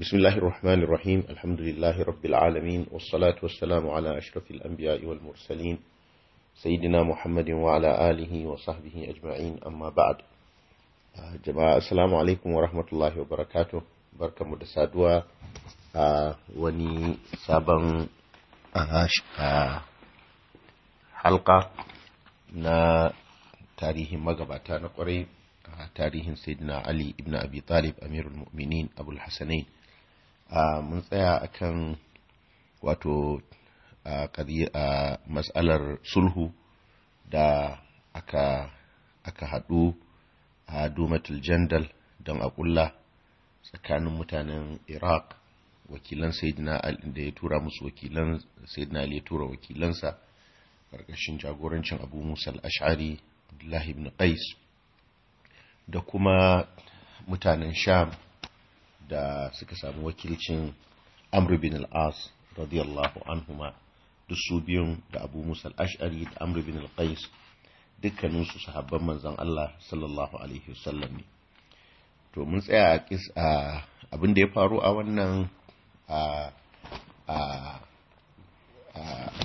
بسم الله الرحمن الرحيم الحمد لله رب العالمين والصلاة والسلام على أشرف الأنبياء والمرسلين سيدنا محمد وعلى آله وصحبه أجمعين أما بعد جماعة السلام عليكم ورحمة الله وبركاته بركة مدسادوة وني سابن حلقة na tarihin magabata na kwarai tarihin sayyidina ali ibn abi talib amirul mu'minin abul hasanain mun tsaya akan wato a matsalar sulhu da aka haɗu a dumatul jandal don a ƙulla tsakanin mutanen iraq wakilan sayyidina da ya tura musu wakilan sayyidina ya tura wakilansa ƙarƙashin jagorancin abu musa al-ash'ari abdullahi ibn qais da kuma mutanen sham da suka samu wakilcin amr bin al-as radiyallahu anhuma duk su biyun da abu musa al-ash'ari da amr bin al-qais dukkaninsu sahabban manzon Allah sallallahu alaihi wasallam ne to mun tsaya a abin da ya faru a wannan a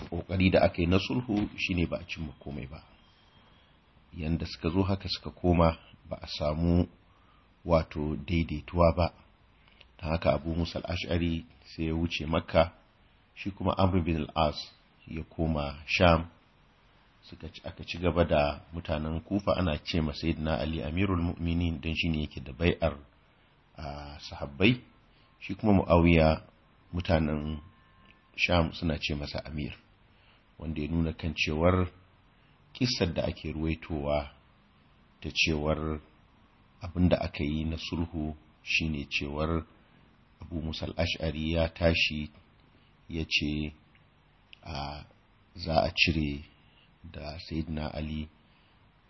kokari da aka yi na sulhu shine ba a cimma komai ba yanda suka zo haka suka koma ba a samu wato daidaituwa ba ta haka abu musa al'ashari sai ya wuce makka shi kuma amr bin al'as ya koma sham suka aka ci gaba da mutanen kufa ana ce ma sayyidina ali amirul mu'minin don shine yake da bai'ar a sahabbai shi kuma muawiya mutanen sham suna ce masa amir wanda ya nuna kan cewar kissar da ake ruwaitowa ta cewar abin da aka yi na sulhu shine cewar abu musal ash'ari ya tashi ya ce za a cire da sayyidina ali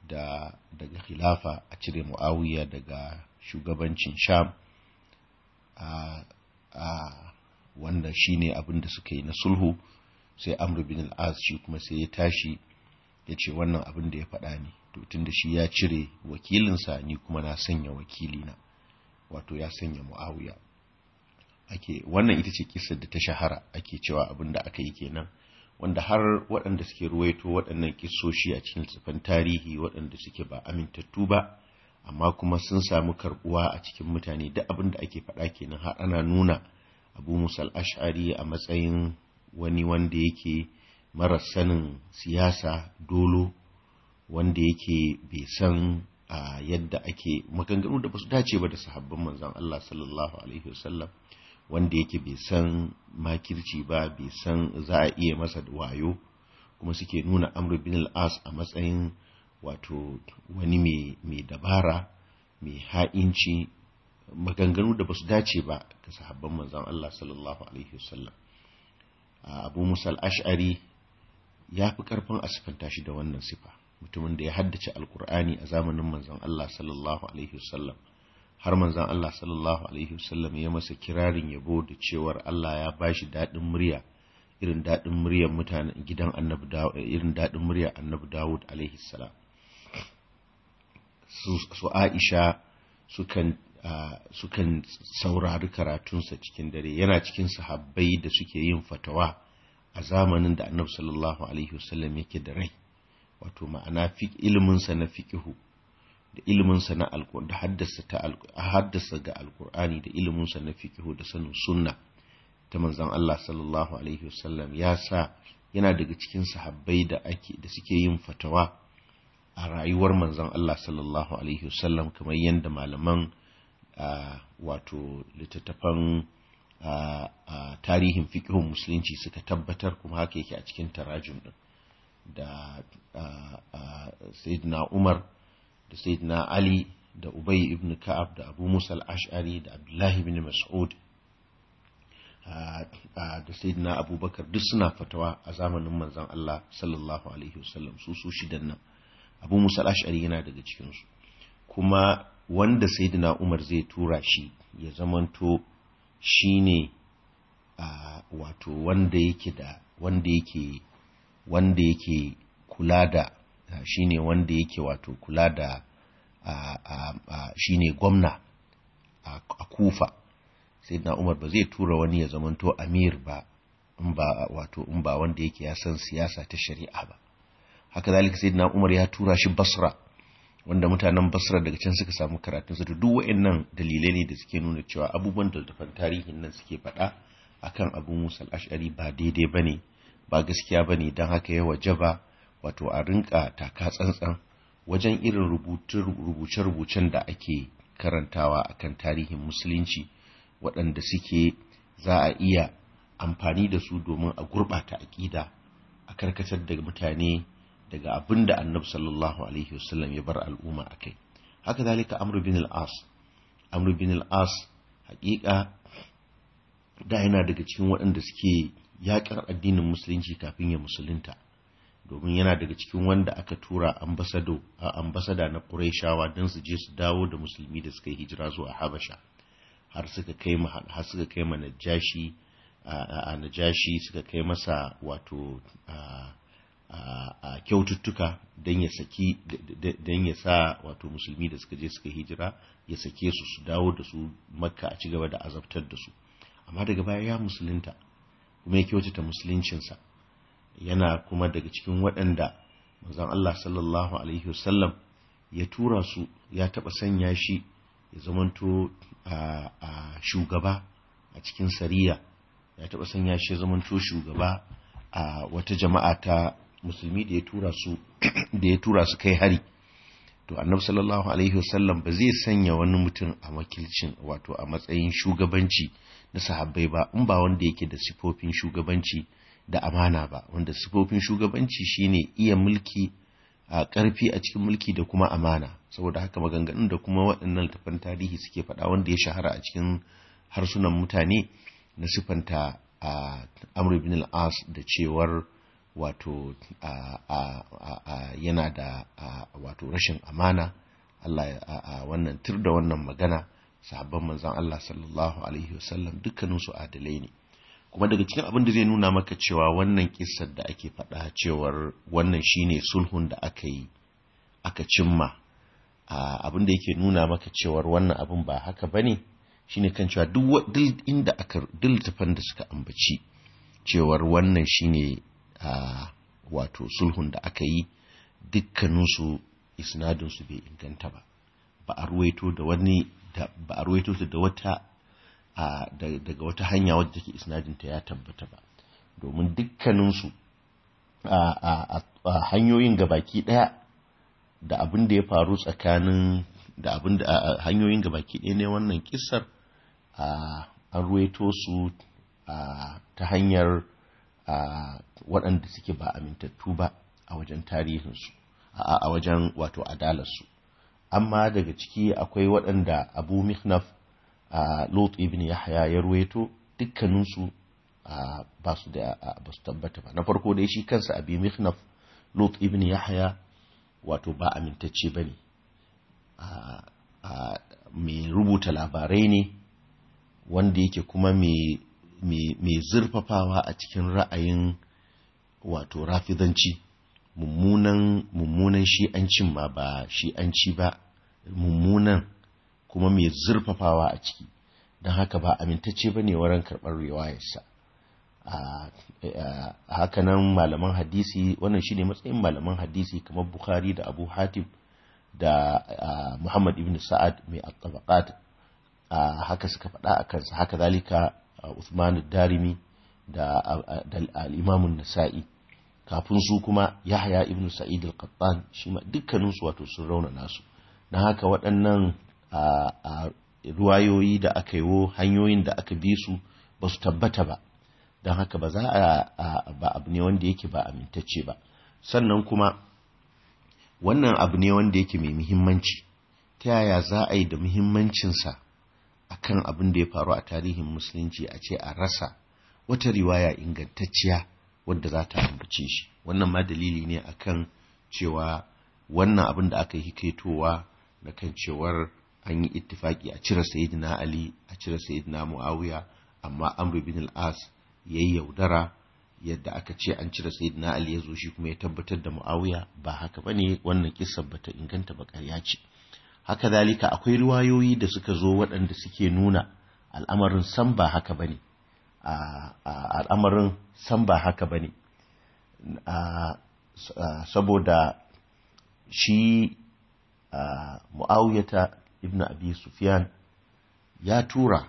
da daga khilafa a cire muawiya daga shugabancin sham a wanda shine abin da suka yi na sulhu sai amr bin al-as shi kuma sai ya tashi ya ce wannan abin da ya faɗa ne to tunda shi ya cire wakilinsa ni kuma na sanya wakilina wato ya sanya muawiya ake wannan ita ce kisar da ta shahara ake cewa abin da aka yi kenan wanda har waɗanda suke ruwaito waɗannan kisoshi a cikin tsufan tarihi waɗanda suke ba amintattu ba amma kuma sun samu karɓuwa a cikin mutane duk abin da ake faɗa kenan har ana nuna abu musal ash'ari a matsayin wani wanda yake mara sanin siyasa dolo wanda yake bai san ah, yadda ake maganganu da ba su dace ba da sahabban manzon Allah sallallahu alaihi wasallam wanda yake bai san makirci ba bai san za a iya masa wayo kuma suke nuna amru bin al'as a matsayin wato wani mai dabara mai ha'inci maganganu da ba su dace ba ga sahabban manzan Allah sallallahu alaihi wasallam abu musa ash'ari ya fi karfin a shi da wannan sifa mutumin da ya haddace alkur'ani a zamanin manzon Allah sallallahu alaihi wasallam har manzon Allah sallallahu alaihi wasallam ya masa kirarin yabo da cewar Allah ya bashi daɗin murya irin daɗin muryar mutanen gidan annabi Dawud irin daɗin murya annabi Dawud alaihi salam su Aisha sukan sukan saurari karatunsa cikin dare yana cikin sahabbai da suke yin fatawa a zamanin da annabi sallallahu alaihi wasallam yake da rai wato ma'ana iliminsa na fikihu da ilminsa na alkur'ani da haddasa ta haddasa ga alkur'ani da ilminsa na fikihu da sanin sunna ta manzon Allah sallallahu alaihi wasallam ya sa yana daga cikin sahabbai da ake da suke yin fatawa a rayuwar manzon Allah sallallahu alaihi wasallam kamar yadda malaman wato littattafan tarihin fikihun musulunci suka tabbatar kuma haka yake a cikin tarajum din da sayyidina Umar da sayyidina ali da ubay ibn ka'ab da abu musa al-ash'ari da abdullahi ibn mas'ud da sayyidina abubakar duk suna fatawa a zamanin manzon Allah sallallahu alaihi wasallam su su shidan nan abu musa al-ash'ari yana daga cikin su kuma wanda sayyidina umar zai tura shi ya zamanto shine wato wanda yake da wanda yake wanda yake kula da shine wanda yake wato kula da shine gwamna a kufa sai na umar ba zai tura wani ya zamanto amir ba in ba wato in ba wanda yake ya san siyasa ta shari'a ba haka zalika sai na umar ya tura shi basra wanda mutanen basra daga can suka samu karatun su duk wa'annan dalilai ne da suke nuna cewa abubuwan da daltafan tarihin nan suke faɗa akan abu musal ashari ba daidai bane ba gaskiya bane dan haka ya wajaba wato a rinka taka tsantsan wajen irin rubuce-rubucen da ake karantawa a kan tarihin musulunci waɗanda suke za a iya amfani da su domin a gurɓata aƙida a karkatar da mutane daga abin da annabi sallallahu alaihi wasallam ya bar al'umma a kai haka zalika amru bin al-as amru bin al-as haƙiƙa da yana daga cikin waɗanda suke yaƙar addinin musulunci kafin ya musulunta domin yana daga cikin wanda aka tura ambasado a ambasada na Qurayshawa don su je su dawo da musulmi da suka yi hijira zuwa Habasha har suka kai har suka kai ma Najashi a Najashi suka kai masa wato a kyaututtuka don ya saki don ya sa wato musulmi da suka je suka hijira ya sake su su dawo da su makka a ci gaba da azabtar da su amma daga baya ya musulunta kuma ya kyautata musuluncinsa yana kuma daga cikin waɗanda manzon Allah sallallahu alaihi wasallam ya tura su ya taɓa sanya shi ya zamanto a shugaba a cikin sariya ya taɓa sanya shi ya zamanto shugaba a wata jama'a ta musulmi da ya tura su da ya tura su kai hari to annabi sallallahu alaihi wasallam ba zai sanya wani mutum a makilcin wato a matsayin shugabanci na sahabbai ba in ba wanda yake da sifofin shugabanci da amana ba wanda sifofin shugabanci shine iya mulki a ƙarfi a cikin mulki da kuma amana saboda haka maganganun da kuma waɗannan tafan tarihi suke faɗa wanda ya shahara a cikin harsunan mutane na sifanta a amr al-as da cewar wato yana da wato rashin amana Allah a wannan tur da wannan magana sahabban manzon Allah sallallahu alaihi wasallam dukkaninsu adalai ne kuma daga cikin abin da zai nuna maka cewa wannan ƙisar da ake faɗa cewar wannan shine sulhun da aka yi aka cimma abin da yake nuna maka cewar wannan abin ba haka bane shine kan cewa duk inda aka diltafan da suka ambaci cewar wannan shine wato sulhun da aka yi dukkaninsu isnadinsu bai inganta ba ba a ruwaito da wani ba a ruwaito da wata daga wata hanya wadda take isnadinta ya tabbata ba domin dukkaninsu a hanyoyin gabaki daya da abin da ya faru tsakanin da abin da hanyoyin gabaki daya ne wannan kissar an ruwaito su ta hanyar waɗanda suke ba amintattu ba a wajen tarihinsu a wajen wato adalarsu amma daga ciki akwai waɗanda abu mihnaf lot ibn yahya ya ruwaito dukkaninsu ba su da ba su tabbata ba na farko dai shi kansa abi mihnaf lot ibn yahya wato ba amintacce ba ne mai rubuta labarai ne wanda yake kuma mai zurfafawa a cikin ra'ayin wato rafidanci mummunan mummunan shi'ancin ma ba shi'anci ba mummunan kuma mai zurfafawa a ciki don haka ba amintacce ba ne wurin karɓar riwayarsa a hakanan malaman hadisi wannan shi ne matsayin malaman hadisi kamar bukhari da abu hatim da muhammad ibn sa'ad mai al-tabaqat haka suka faɗa a kansa haka zalika usman darimi da al-imam nasai kafin su kuma yahya ibn sa'id al-qattan shi ma dukkanin su wato sun rauna nasu don haka waɗannan a ruwayoyi da aka yiwo hanyoyin da aka bi su ba su tabbata ba don haka ba za a ba abu ne wanda yake ba amintacce ba sannan kuma wannan abu ne wanda yake mai muhimmanci ta yaya za a yi da muhimmancinsa a kan abin da ya faru a tarihin musulunci a ce a rasa wata riwaya ingantacciya wadda za ta ambace shi wannan ma dalili ne a kan cewa wannan abin da aka yi hikaitowa na kan cewar an yi ittifaki a cire sayyidina ali a cire sayyidina muawiya amma amr ibn al-as yayi yaudara yadda aka ce an cire sayyidina ali ya zo shi kuma ya tabbatar da muawiya ba haka bane wannan ba bata inganta ba ƙarya ce haka zalika akwai riwayoyi da suka zo waɗanda suke nuna al'amarin san ba haka bane al'amarin san ba haka bane saboda shi mu'awiyata ibn abi sufyan ya tura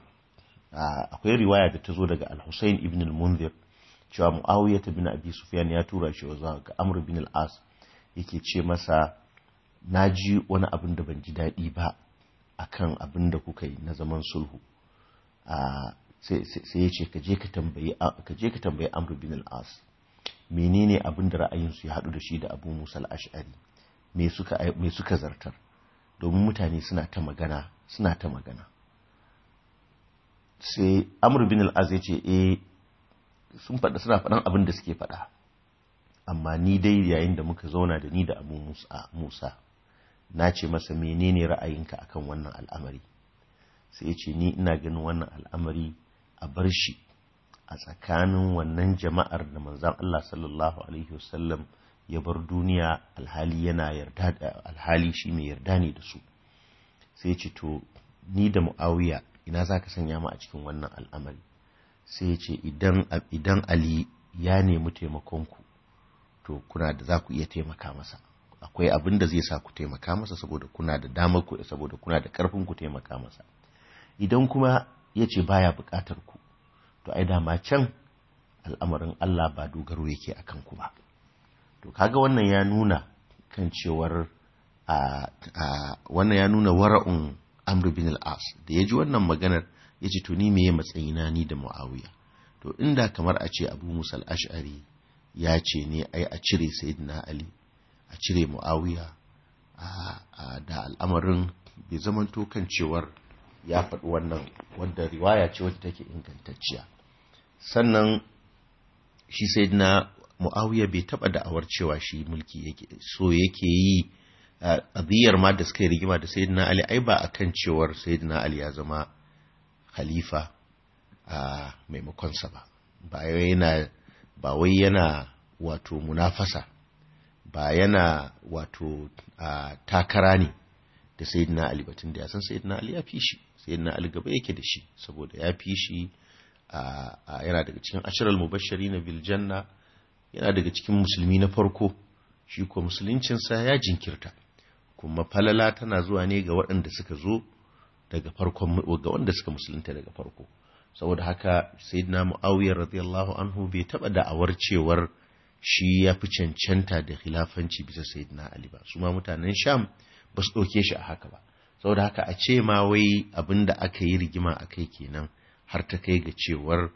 akwai riwaya da ta zo daga al-husayn ibn al-munzir cewa muawiya ibn abi sufyan ya tura shi wa ga amr ibn al-as yake ce masa naji wani abin da ban ji daɗi ba akan abin da kuka yi na zaman sulhu sai ya ce ka je ka tambayi amr bin al-as menene abin da ra'ayinsu ya haɗu da shi da abu musa al-ash'ari mai suka zartar domin mutane suna ta magana suna ta magana sai amur bin al'az ya ce e sun faɗa suna faɗan abin da suke faɗa amma ni dai yayin da muka zauna da ni da abu musa na ce masa menene ra'ayinka akan wannan al'amari sai ya ce ni ina ganin wannan al'amari a bar shi a tsakanin wannan jama'ar da manzan Allah sallallahu alaihi wasallam ya bar duniya alhali yana yarda alhali shi mai yarda ne da su sai ce to ni da mu'awiya ina za ka sanya mu a cikin wannan al'amari sai ya ce idan ali ya nemi taimakonku to kuna da za ku iya taimaka masa akwai abin da zai sa ku taimaka masa saboda kuna da damar ku saboda kuna da karfin ku taimaka masa idan kuma ya ce baya buƙatar ku to ai dama can al'amarin Allah ba dogaro yake akan ku ba to kaga wannan ya nuna kan cewar wannan ya nuna wara'un amru bin al-as da ya ji wannan maganar ya ce to ni me ya matsayina ni da muawiya to inda kamar a ce abu musa al-ash'ari ya ce ne ai a cire sayyidina ali a cire muawiya da al'amarin bai zamanto kan cewar ya faɗi wannan wadda riwaya ce wadda take ingantacciya sannan shi sayyidina mu'awiya bai taba da'awar cewa shi mulki yake so yake yi qadiyar ma da suka yi rigima da sayyidina ali ai ba akan cewar sayyidina ali ya zama halifa a maimakon ba ba yana ba wai yana wato munafasa ba yana wato takara ne da sayyidina ali batun da ya san sayyidina ali ya fi shi sayyidina ali gaba yake da shi saboda ya fi shi yana daga cikin ashiral mubashshari na biljanna yana daga cikin musulmi na farko shi ko musuluncinsa ya jinkirta kuma falala tana zuwa ne ga waɗanda suka zo daga farkon ga wanda suka musulunta daga farko saboda haka sayyidina mu'awiyar radiyallahu anhu bai taba da'awar cewar shi ya fi cancanta da khilafanci bisa sayyidina ali ba su ma mutanen sham ba su ɗauke shi a haka ba saboda haka a ce ma wai abin da aka yi rigima a kai kenan har ta kai ga cewar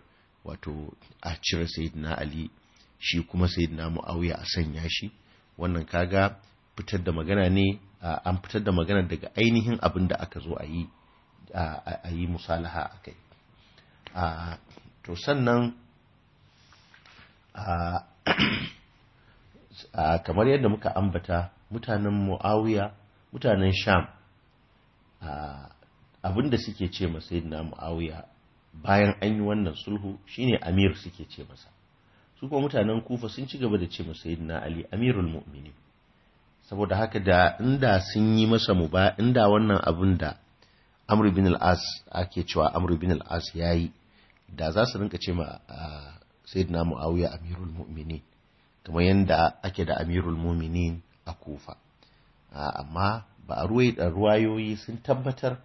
wato a cire sayyidina ali shi kuma na muawiya a sanya shi wannan kaga fitar da magana ne an fitar da magana daga ainihin abin da aka zo a yi musalaha a kai to sannan kamar yadda muka ambata mutanen muawiya mutanen sham abin da suke ce masa na muawiya bayan an yi wannan sulhu shine amir suke ce masa su kuma mutanen kufa sun ci gaba da ce masa sayyidina ali amirul mu'mini saboda haka da inda sun yi masa mu ba inda wannan abin da amr bin al-as ake cewa amr bin al-as yayi da za su rinka ce ma sayyidina muawiya amirul mu'mini kamar yadda ake da amirul mu'mini a kufa amma ba a ruwayoyi sun tabbatar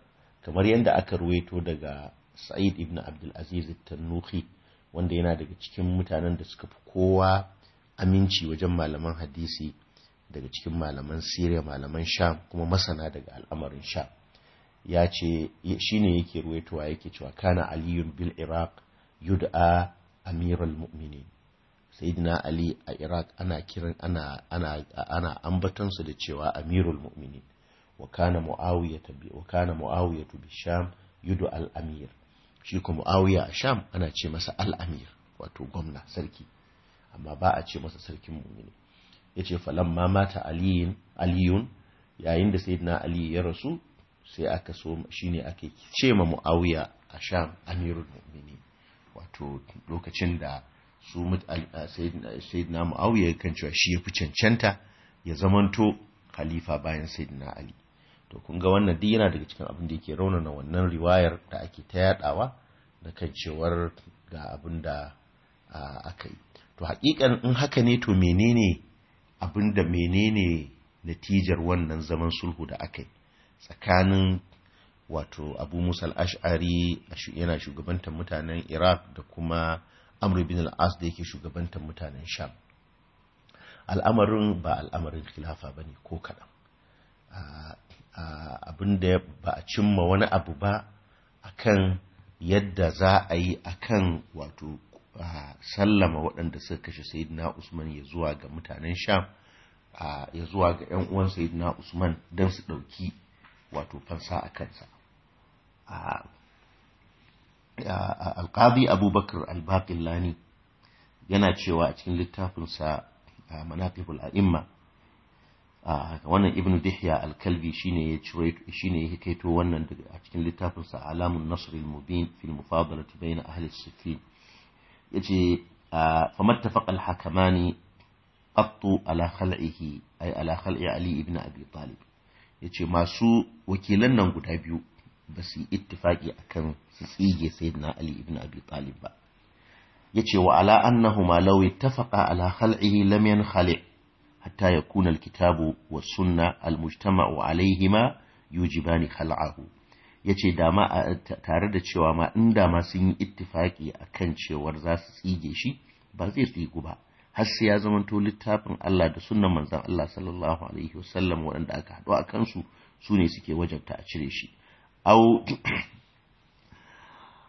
kamar yadda aka ruwaito daga sa'id ibn abdul aziz tannuhi wanda yana daga cikin mutanen da suka fi kowa aminci wajen malaman hadisi daga cikin malaman siriya malaman sham kuma masana daga al'amarin Sha. ya ce shi ne yake ruwaitowa yake cewa kana aliyun bil iraq yud'a amiral mu'minin sayyidina ali a iraq ana kiran ana ana da cewa amirul mu'minin wa kana muawiyatu bi bi sham yud'a al amir shi kuma muawiya a sham ana ce masa al'amir wato gwamna sarki amma ba a ce masa sarkin mu'mini ya ce ma mata aliyun yayin da sayyidina ali ya rasu sai aka so shine ake ce ma muawiya a sham amirul mu'mini wato lokacin da su sayyidina muawiya kan cewa shi ya fi cancanta ya zamanto khalifa bayan sayyidina ali to kun ga wannan duk yana daga cikin abin da yake raunana wannan riwayar da ake ta yadawa na kan cewar ga abin da aka yi to hakikan in haka ne to menene abin da menene natijar wannan zaman sulhu da aka yi tsakanin wato abu musa ashari yana shugabantar mutanen iraq da kuma amr bin al-as da yake shugabantar mutanen sham al'amarin ba al'amarin khilafa ba ne ko kaɗan abin da ba a cimma wani abu ba akan yadda za a yi akan wato sallama waɗanda suka kashe sayidina usman ya zuwa ga mutanen sham ya zuwa ga yan uwan sayidina usman don su ɗauki wato fansa a kansa alƙadi abubakar Lani yana cewa a cikin littafinsa manaqibul a'imma wannan ibnu dihya al-kalbi shine ya ciro shine ya kaito wannan daga a cikin littafin sa alamun nasr al-mubin fi al-mufadalati bayna ahli as-siffin yace mattafaq al-hakamani qattu ala khal'ihi ay ala khal'i ali ibn abi talib yace masu wakilan nan guda biyu ba su yi akan su tsige sayyidina ali ibn abi talib ba yace wa ala annahuma law ittafaqa ala khal'ihi lam yankhali' hatta ya kunal kitabu wa sunna almujtama'u alaihima yujibani khal'ahu yace da ma tare da cewa ma in da ma sun yi ittifaki akan cewar za su tsige shi ba zai tsigu ba har sai ya zamanto littafin Allah da sunnan manzon Allah sallallahu alaihi wasallam waɗanda aka haɗu a kansu su ne suke wajabta a cire shi au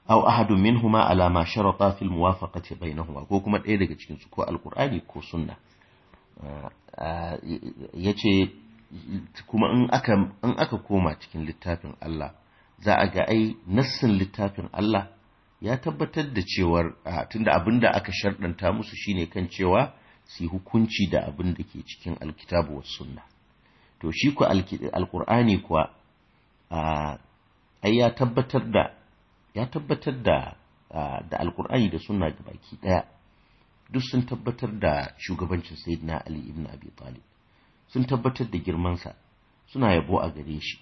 aw ahadun minhuma ala ma sharata fil muwafaqati bainahuma ko kuma ɗaya daga cikin su ko alqur'ani ko sunna ya ce kuma in aka koma cikin littafin Allah za a ga ai nassin littafin Allah ya tabbatar da cewar tunda abin da aka sharɗanta musu shine kan cewa su hukunci da abin da ke cikin alkitabu wa sunna to shi ku alkur'ani kuwa ai ya tabbatar da ya tabbatar da da alkur'ani da sunna baki ɗaya duk sun tabbatar da shugabancin sayyidina ali ibn abi talib sun tabbatar da girmansa suna yabo a gare shi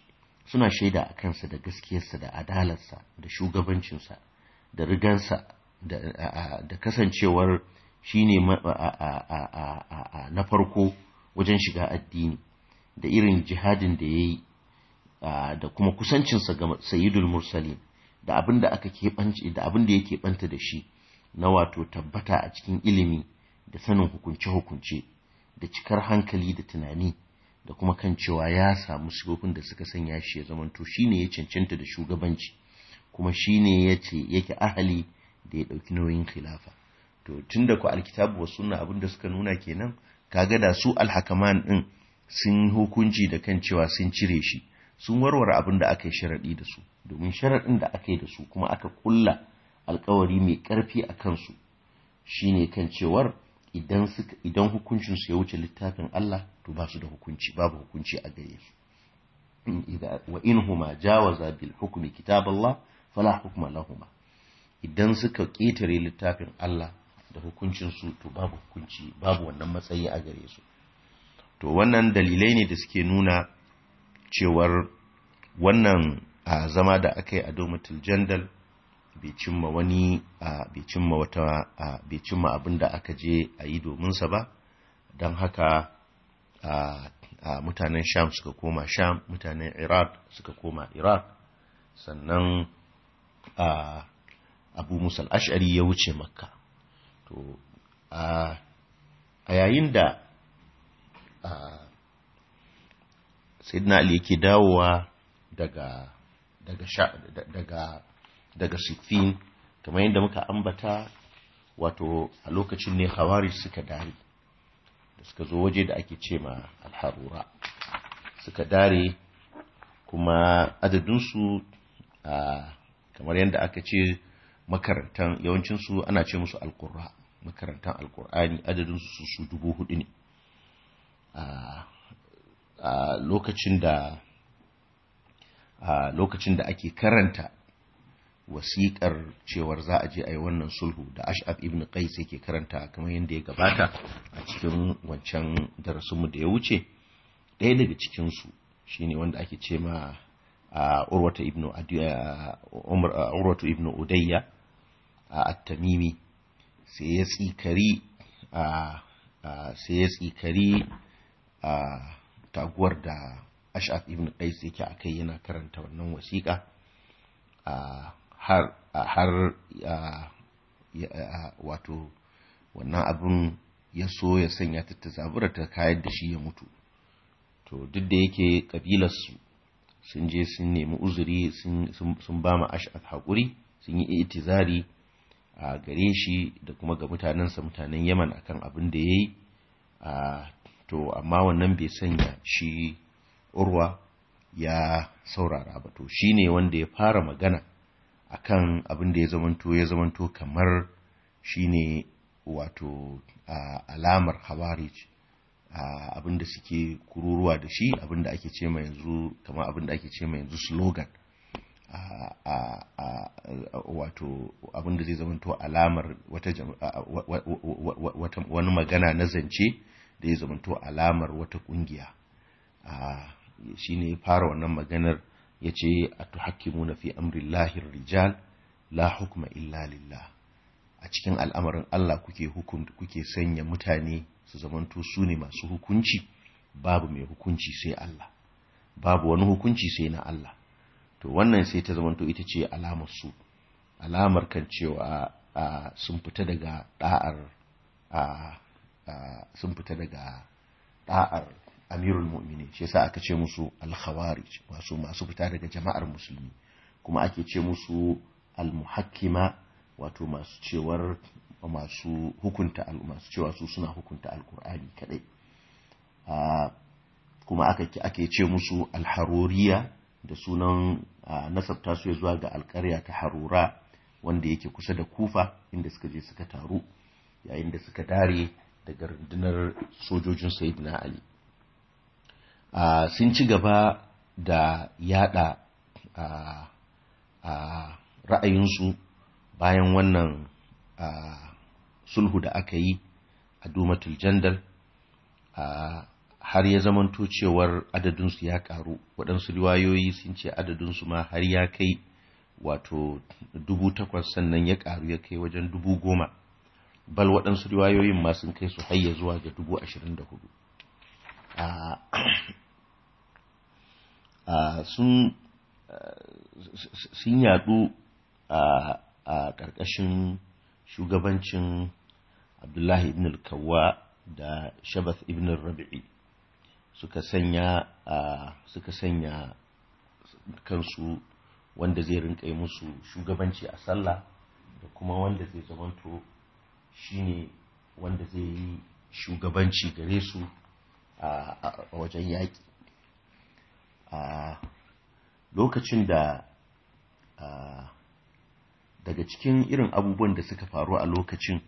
suna shaida a kansa da gaskiyarsa da adalarsa da shugabancinsa da rigansa da kasancewar shi ne na farko wajen shiga addini da irin jihadin da ya yi da kuma kusancinsa ga sayidul mursalin da abin da aka da abin da ya keɓanta da shi na wato tabbata a cikin ilimi da sanin hukunce-hukunce da cikar hankali da tunani da kuma kan cewa ya samu sigofin da suka sanya shi ya zamanto shine ya cancanta da shugabanci kuma shine ya ce yake ahali da ya ɗauki nauyin khilafa to tun da ku alkitabu wa sunna abin da suka nuna kenan kaga da su alhakaman din sun hukunci da kan cewa sun cire shi sun warware abin da aka yi sharaɗi da su domin sharaɗin da aka yi da su kuma aka kulla alkawari mai ƙarfi a kansu shine kan cewar idan hukuncinsu ya wuce littafin Allah to ba su da hukunci babu hukunci a gare su wa in huma jawaza bil hukmi kitaballah fala hukma lahuma idan suka ƙetare littafin Allah da hukuncin to babu hukunci babu wannan matsayi a gare su to wannan dalilai ne da suke nuna cewar wannan a zama da aka yi a domitil jandal bai cimma wani bai cimma wata bai cimma abin da aka je a yi sa ba don haka mutanen sham suka koma sham mutanen iraq suka koma iraq sannan abu musal ash'ari ya wuce makka to a yayin da sayyidina ali yake dawowa daga daga daga sittin kamar yadda muka ambata wato a lokacin ne khawarij suka dare da suka zo waje da ake ce ma alharura suka dare kuma adadinsu a kamar yadda aka ce makarantan yawancinsu ana ce musu alkurra makarantan alkur'ani adadinsu su dubu hudu ne lokacin da a lokacin da ake karanta wasiƙar cewar za a je a yi wannan sulhu da ash'ab ibn qais yake karanta kamar yadda ya gabata a cikin wancan darasinmu da ya wuce ɗaya daga cikin su shine wanda ake ce ma urwatu ibn urwatu ibn udayya at-tamimi sai ya tsikari sai ya tsikari taguwar da ash'ab ibn qais yake akai yana karanta wannan wasiƙa har har wato wannan abin ya so ya sanya ta zabura ta kayar da shi ya mutu to duk da yake kabilarsu sun je sun nemi uzuri sun ba ma ash'ad haƙuri sun yi itizari a gare shi da kuma ga mutanensa mutanen yaman akan abin da ya yi to amma wannan bai sanya shi urwa ya saurara ba to shi ne wanda ya fara magana akan abin da ya zamanto ya zamanto kamar shine wato alamar hawarij abin da suke kururuwa da shi abin da ake ce mai yanzu kamar abin da ake ce mai yanzu slogan wato abin da zai zamanto alamar wata wani magana na zance da ya zamanto alamar wata kungiya shine fara wannan maganar ya ce a na fi amrin lahir rijal la hukma illa lillah a cikin al'amarin Allah kuke hukunta kuke sanya mutane su zamanto su ne masu hukunci babu mai hukunci sai Allah babu wani hukunci sai na Allah to wannan sai ta zamanto ita ce alamar su alamar kan cewa sun fita daga da'ar sun fita daga da'ar amirul mu'mini shi yasa aka ce musu al-khawarij masu masu fita daga jama'ar musulmi kuma ake ce musu al-muhakkima wato masu cewar masu hukunta masu cewa su suna hukunta alkur'ani kadai kuma aka ake ce musu al-haruriya da sunan nasabta su zuwa ga al-qarya ta harura wanda yake kusa da kufa inda suka je suka taru yayin da suka dare daga rundunar sojojin sayyidina ali sun ci gaba da yada ra'ayinsu bayan wannan sulhu da aka yi a dumatul jandal har ya zamanto cewar adadinsu ya karu waɗansu riwayoyi sun ce adadinsu ma har ya kai wato dubu takwas sannan ya karu ya kai wajen dubu goma bal waɗansu riwayoyin ma sun kai su hayya zuwa ga dubu ashirin da hudu sun sun yadu a ƙarƙashin shugabancin abdullahi ibn al-kawwa da shabath ibn rabi'i suka sanya suka sanya kansu wanda zai rinka yi musu shugabanci a sallah da kuma wanda zai zamanto shine wanda zai yi shugabanci gare su a wajen yaƙi a lokacin da daga cikin irin abubuwan da suka faru a lokacin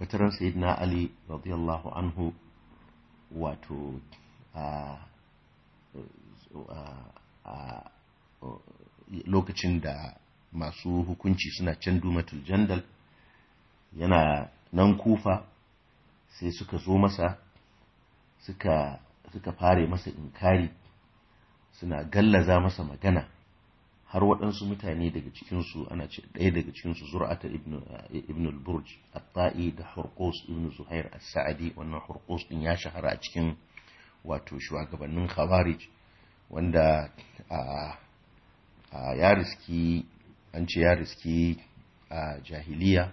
wataran sayyidina ali radiyallahu anhu wato lokacin da masu hukunci suna can dumatul jandal yana nan kufa sai suka zo masa suka suka fare masa inkari suna gallaza masa magana har waɗansu mutane daga cikinsu ana ce ɗaya daga cikinsu zura'atar eh, ibn al-burj at-ta'i da hurqus ibn zuhair as-sa'di wannan hurqus din ya shahara a cikin wato shugabannin khawarij wanda a ya riski an ce ya riski a jahiliya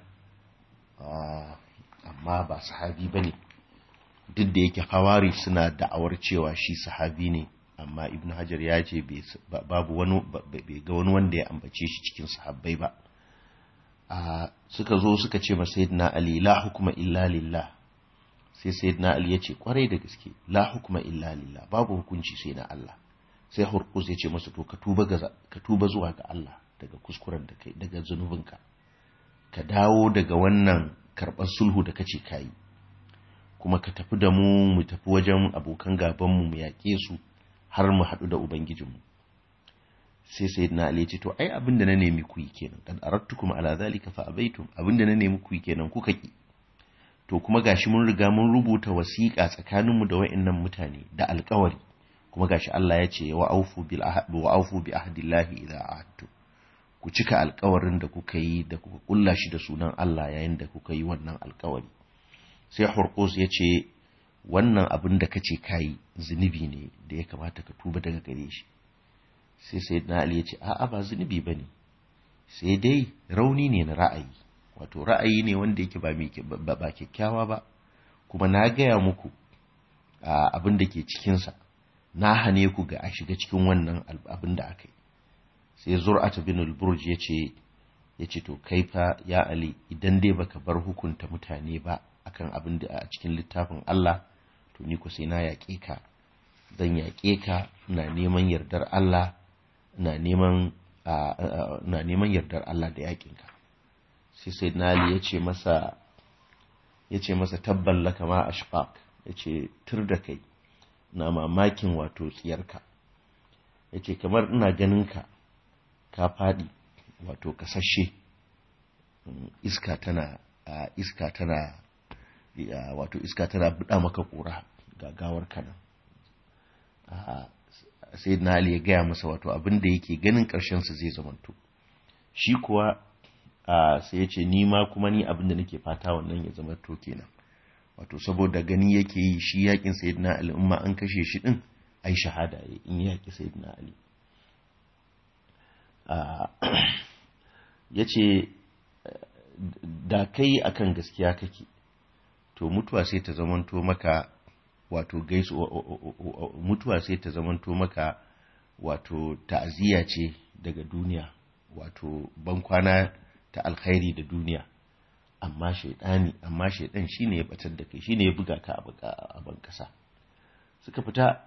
amma ba sahabi bane duk da yake hawari suna da'awar cewa shi sahabi ne amma ibn hajar ya ce babu wani bai ga wani wanda ya ambace shi cikin sahabbai ba suka zo suka ce ma sayyidina ali la hukuma illa lillah sai sayyidina ali ya ce kwarai da gaske la hukuma illa lillah babu hukunci sai na Allah sai hurquz ya ce masa to ka tuba ga ka tuba zuwa ga Allah daga kuskuren da kai daga zanubinka ka dawo daga wannan karɓar sulhu da kace kayi kuma ka tafi da mu mu tafi wajen abokan gabanmu mu yaƙe su har mu haɗu da ubangijinmu sai sai na ce to ai abin da na nemi ku yi kenan kad kuma ala zalika fa abaitum abin da na nemi ku yi kenan kuka ki to kuma gashi mun riga mun rubuta wasiƙa tsakaninmu da wayannan mutane da alƙawari kuma gashi Allah ya ce wa aufu bil ahd wa aufu bi ahdillahi idza ahadtu ku cika alƙawarin da kuka yi da kuka kulla shi da sunan Allah yayin da kuka yi wannan alƙawari sai horkos ya ce wannan abin da kace kai zunubi ne da ya kamata ka tuba daga gare shi sai na ali ya ce a'a ba zunubi bane sai dai rauni ne na ra'ayi wato ra'ayi ne wanda yake ba ba kyakkyawa ba kuma na gaya muku abin da ke cikinsa na hane ku ga a shiga cikin wannan abin da aka yi sai zur'atu bin al-burj yace yace to kai fa ya ali idan dai baka bar hukunta mutane ba akan abin da a cikin littafin Allah to ni ku sai na yaƙe ka zan yaƙe ka na neman yardar Allah na neman na neman yardar Allah da yaƙin ka sai sayyidina Ali ya ce masa ya ce masa tabban laka ma ashfaq ya ce tur da kai na mamakin wato tsiyarka ya ce kamar ina ganin ka ka faɗi wato kasashe mm, iska tana iska tana wato iska tana buɗa maka ƙura gawar kanan sai na ali ya gaya masa wato abin da yake ganin ƙarshen su zai zamanto shi kuwa sai ya ce ni ma kuma ni abin da nake fata wannan ya zama to kenan wato saboda gani yake yi shi yakin sayyidina ali in ma an kashe shi din ai shahada ya in yaki sayyidina ali ya da kai akan gaskiya kake to mutuwa sai ta zamanto maka wato gaisu mutuwa sai ta zamanto maka wato ta'aziyya ce daga duniya wato bankwana ta alkhairi da duniya amma shaidani amma shaidan shine ya batar da kai shine ya buga ka a bankasa suka fita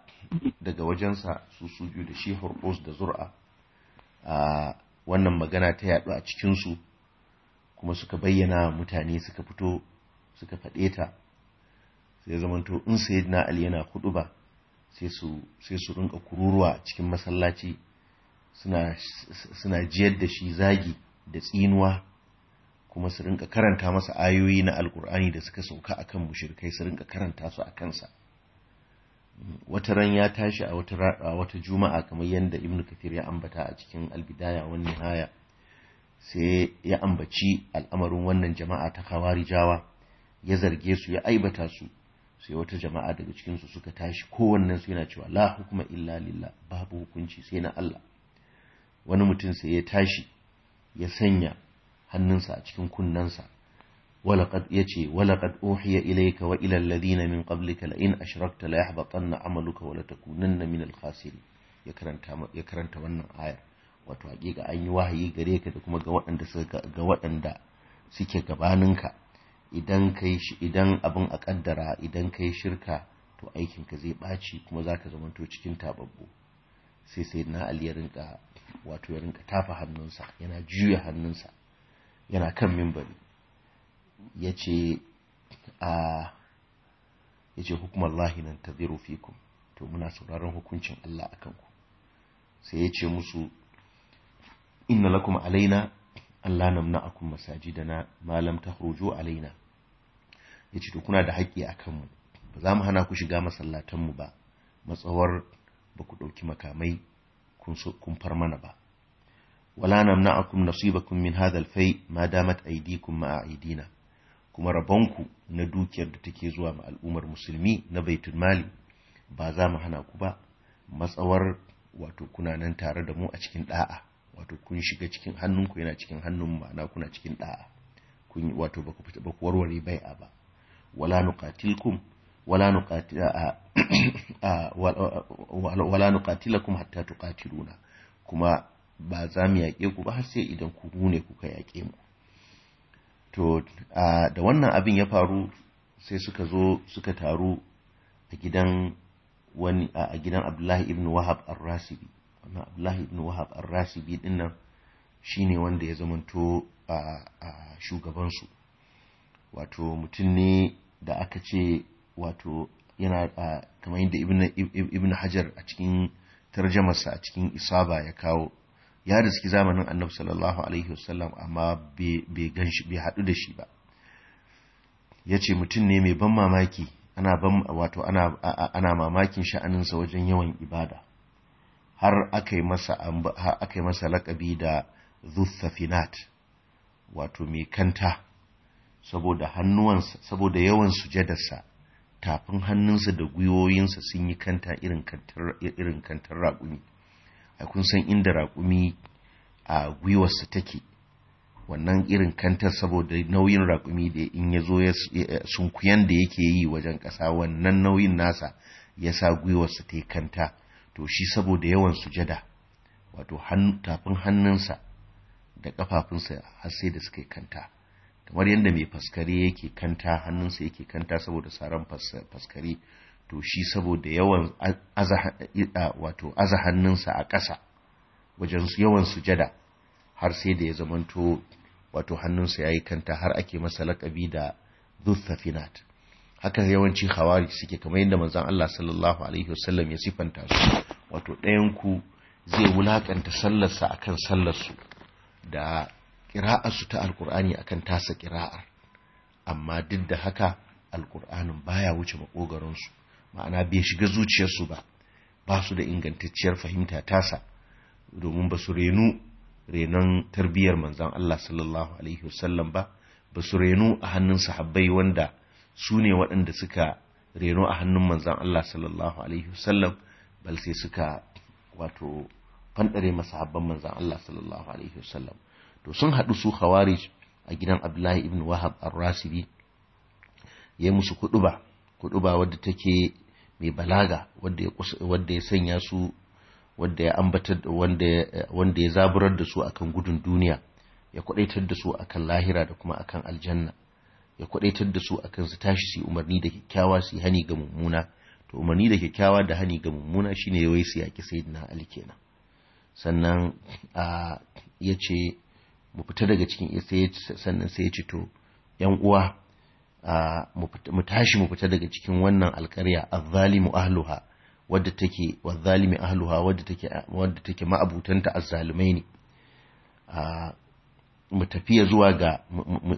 daga wajensa su suju da shi hurqus da zur'a a wannan magana ta yaɗu a cikinsu kuma suka bayyana mutane suka fito suka faɗe ta sai zamanto in sayyidina ali yana hudu ba sai su rinka kururuwa cikin masallaci suna jiyar da shi zagi da tsinuwa kuma su rinka karanta masa ayoyi na alkur'ani da suka sauka akan mushirkai su rinka karanta su a kansa wata ran ya tashi a wata juma'a kamar yadda ibnu kathir ya ambata a cikin albidaya wani haya, sai ya ambaci al'amarin wannan jama'a ta khawarijawa ya zarge su ya aibata su sai wata jama'a daga cikinsu suka tashi kowannen su yana cewa la hukuma illa lillah babu hukunci sai na Allah wani mutum sai ya tashi ya sanya hannunsa a cikin kunnensa walaqad yace walaqad uhiya ilayka wa ila alladhina min qablika la in ashrakta la yahbatanna amaluka wa la takunanna min al-khasirin ya karanta ya karanta wannan ayar wato hakika an yi wahayi gare ka da kuma ga waɗanda suke ga waɗanda suke gabaninka idan kai idan abin a kaddara idan kai shirka to aikin ka zai ɓaci kuma za ka zamanto cikin tababbo sai sai na ali ya rinka wato ya rinka tafa hannunsa yana juya hannunsa yana kan mimbari ya ce a ya ce hukumar lahinan ta zero fikum to muna sauraron hukuncin Allah a kanku sai ya ce musu inna lakum alaina Allah na muna masaji da na malam ta alaina ya ce to kuna da haƙƙi a kanmu ba za mu hana ku shiga masallatanmu ba matsawar ba ku ɗauki makamai kun far mana ba wala akum nasibakum min hadha al-fai ma damat aidikum ma aidina kuma rabonku na dukiyar da take zuwa ma al'ummar musulmi na baitul mali ba za mu hana ku ba matsawar wato kuna nan tare da mu a cikin da'a wato kun shiga cikin hannunku yana cikin hannun ma'ana kuna cikin da'a kun wato ba ku warware bai'a ba wala nuqatilkum wala nuqatilakum hatta na, kuma ba za mu yaƙe ku ba har sai idan ku ne kuka yaƙe mu to da wannan abin ya faru sai suka zo suka taru a gidan wani a gidan Abdullahi ibn Wahab ar-Rasibi wannan Abdullahi ibn Wahab ar-Rasibi dinnan shine wanda ya zamanto a shugabansu wato mutum ne da aka ce wato yana kamar yadda ibn hajar a cikin tarjamarsa a cikin isaba ya kawo ya suke zamanin annabi sallallahu alaihi wasallam amma bai gan shi bai haɗu da shi ba ya ce mutum ne mai ban mamaki ana ban wato ana mamakin sha'aninsa wajen yawan ibada har aka yi masa lakabi aka yi masa laƙabi da zuffafinat wato mai kanta saboda hannuwansa saboda yawan sujadarsa tafin hannunsa da gwiwoyinsa sun yi kanta irin kantar irin kantar raƙumi a kun san inda raƙumi a gwiwarsa take wannan irin kantar saboda nauyin raƙumi da in ya zo sunkuyan da yake yi wajen ƙasa wannan nauyin nasa ya sa gwiwarsa ta yi kanta to shi saboda yawan sujada wato tafin hannunsa da ƙafafunsa har sai da suka yi kanta kamar yadda mai faskare yake kanta hannunsa yake kanta saboda saran faskare to shi saboda yawan wato aza hannunsa a ƙasa wajen yawan sujada har sai da ya zamanto wato hannunsa ya yi kanta har ake masa laƙabi da zuffafinat haka yawanci hawari suke kamar yadda manzon Allah sallallahu alaihi wasallam ya sifanta su wato ɗayan ku zai wulakanta sallarsa akan sallarsu da ƙira'arsu ta alkur'ani akan tasa ƙira'ar amma duk da haka alƙur'anin baya wuce maƙogaronsu ma'ana bai shiga zuciyarsu ba ba su da ingantacciyar fahimta tasa domin ba su renu renon tarbiyyar manzan Allah sallallahu alaihi wasallam ba ba su renu a hannun sahabbai wanda su ne waɗanda suka reno a hannun manzan Allah sallallahu alaihi wasallam bal sai suka wato fanɗare masahabban manzan Allah sallallahu alaihi wasallam to sun haɗu su khawarij a gidan abdullahi ibn wahab ar-rasibi ya yi musu kuduba kuduba wadda take mai balaga wadda ya sanya su wadda ya ambatar wanda ya zaburar da su akan gudun duniya ya kwadaitar da su akan lahira da kuma akan aljanna ya kwadaitar da su akan su tashi su umarni da kyakkyawa su hani ga mummuna to umarni da kyakkyawa da hani ga mummuna shine yawai su yaki sayyidina ali kenan sannan ya ce mu fita daga cikin sannan sai ya ce to yan uwa mu tashi mu fita daga cikin wannan alƙarya azzalimu ahluha wadda take wazzalimi ahluha wadda take wadda take ma'abutanta azzalumai ne mu tafiya zuwa ga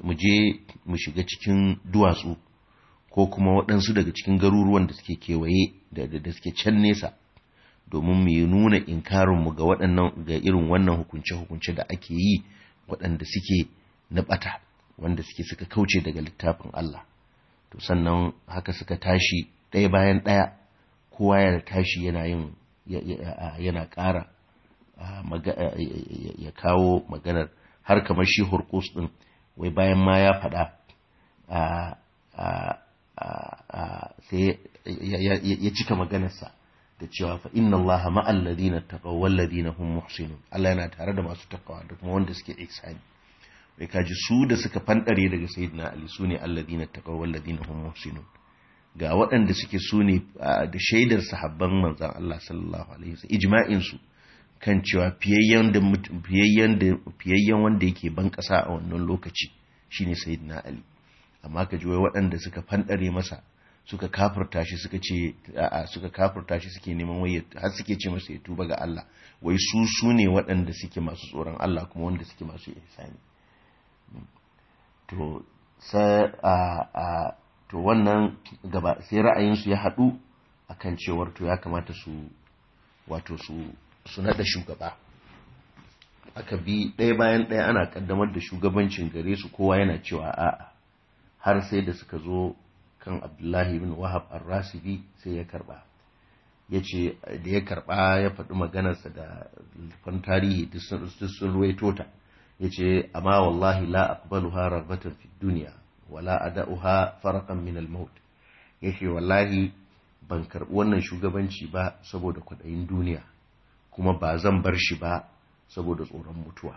mu je mu shiga cikin duwatsu ko kuma waɗansu daga cikin garuruwan da suke kewaye da suke can nesa domin mu nuna inkarinmu ga waɗannan ga irin wannan hukunce-hukunce da ake yi waɗanda suke na ɓata wanda suke suka kauce daga littafin Allah to sannan haka suka tashi ɗaya bayan ɗaya kowa ya tashi yana yin yana ƙara ya kawo maganar har kamar shi hurkus ɗin wai bayan ma ya faɗa sai ya cika maganarsa da cewa fa inna Allah ma'al ladina taqaw wal ladina hum muhsinun Allah yana tare da masu takawa da kuma wanda suke ihsani wai kaji su da suka fanɗare daga sayyidina Ali sune alladina taqaw wal ladina hum muhsinun ga waɗanda suke sune da shaidar sahabban manzan Allah sallallahu alaihi wasallam ijma'in su kan cewa fiyayyen da fiyayyen wanda yake ban kasa a wannan lokaci shine sayyidina Ali amma kaji wai waɗanda suka fanɗare masa suka kafirta shi suka ce a'a suka kafirta shi suke neman waye har suke ce masa ya tuba ga Allah wai su su ne waɗanda suke masu tsoron Allah kuma wanda suke masu ihsani to sa a a to wannan gaba sai ra'ayin su ya haɗu akan cewar to ya kamata su wato su su nada shugaba aka bi ɗaya bayan ɗaya ana kaddamar da shugabancin gare su kowa yana cewa a'a har sai da suka zo kan abdullahi bin wahab ar-rasibi sai ya karba ya da ya karba ya faɗi maganarsa da kan tarihi duk sun ruwaito ta ya ce amma wallahi la ha rabatan fi duniya wala ada'uha farqan min al-maut ya ce wallahi ban karɓi wannan shugabanci ba saboda kwaɗayin duniya kuma ba zan bar shi ba saboda tsoron mutuwa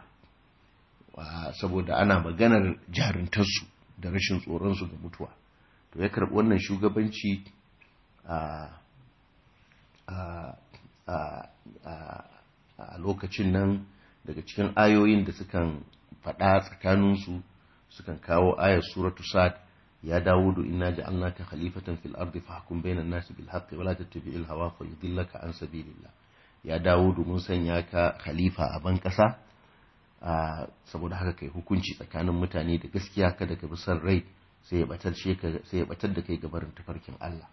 saboda ana maganar jarintarsu da rashin tsoron su ga mutuwa to ya karɓi wannan shugabanci a lokacin nan daga cikin ayoyin da sukan faɗa tsakaninsu sukan kawo ayar suratu sa'ad ya dawo da inna naka halifatan fil ardi hakun bainan nasi bil haqqi wala tattabi'il hawa fa yudillaka an sabilillah ya dawo mun sanya ka khalifa a ban kasa saboda haka kai hukunci tsakanin mutane da gaskiya kada ka bi son rai sai ya batar da kai gabarin tafarkin Allah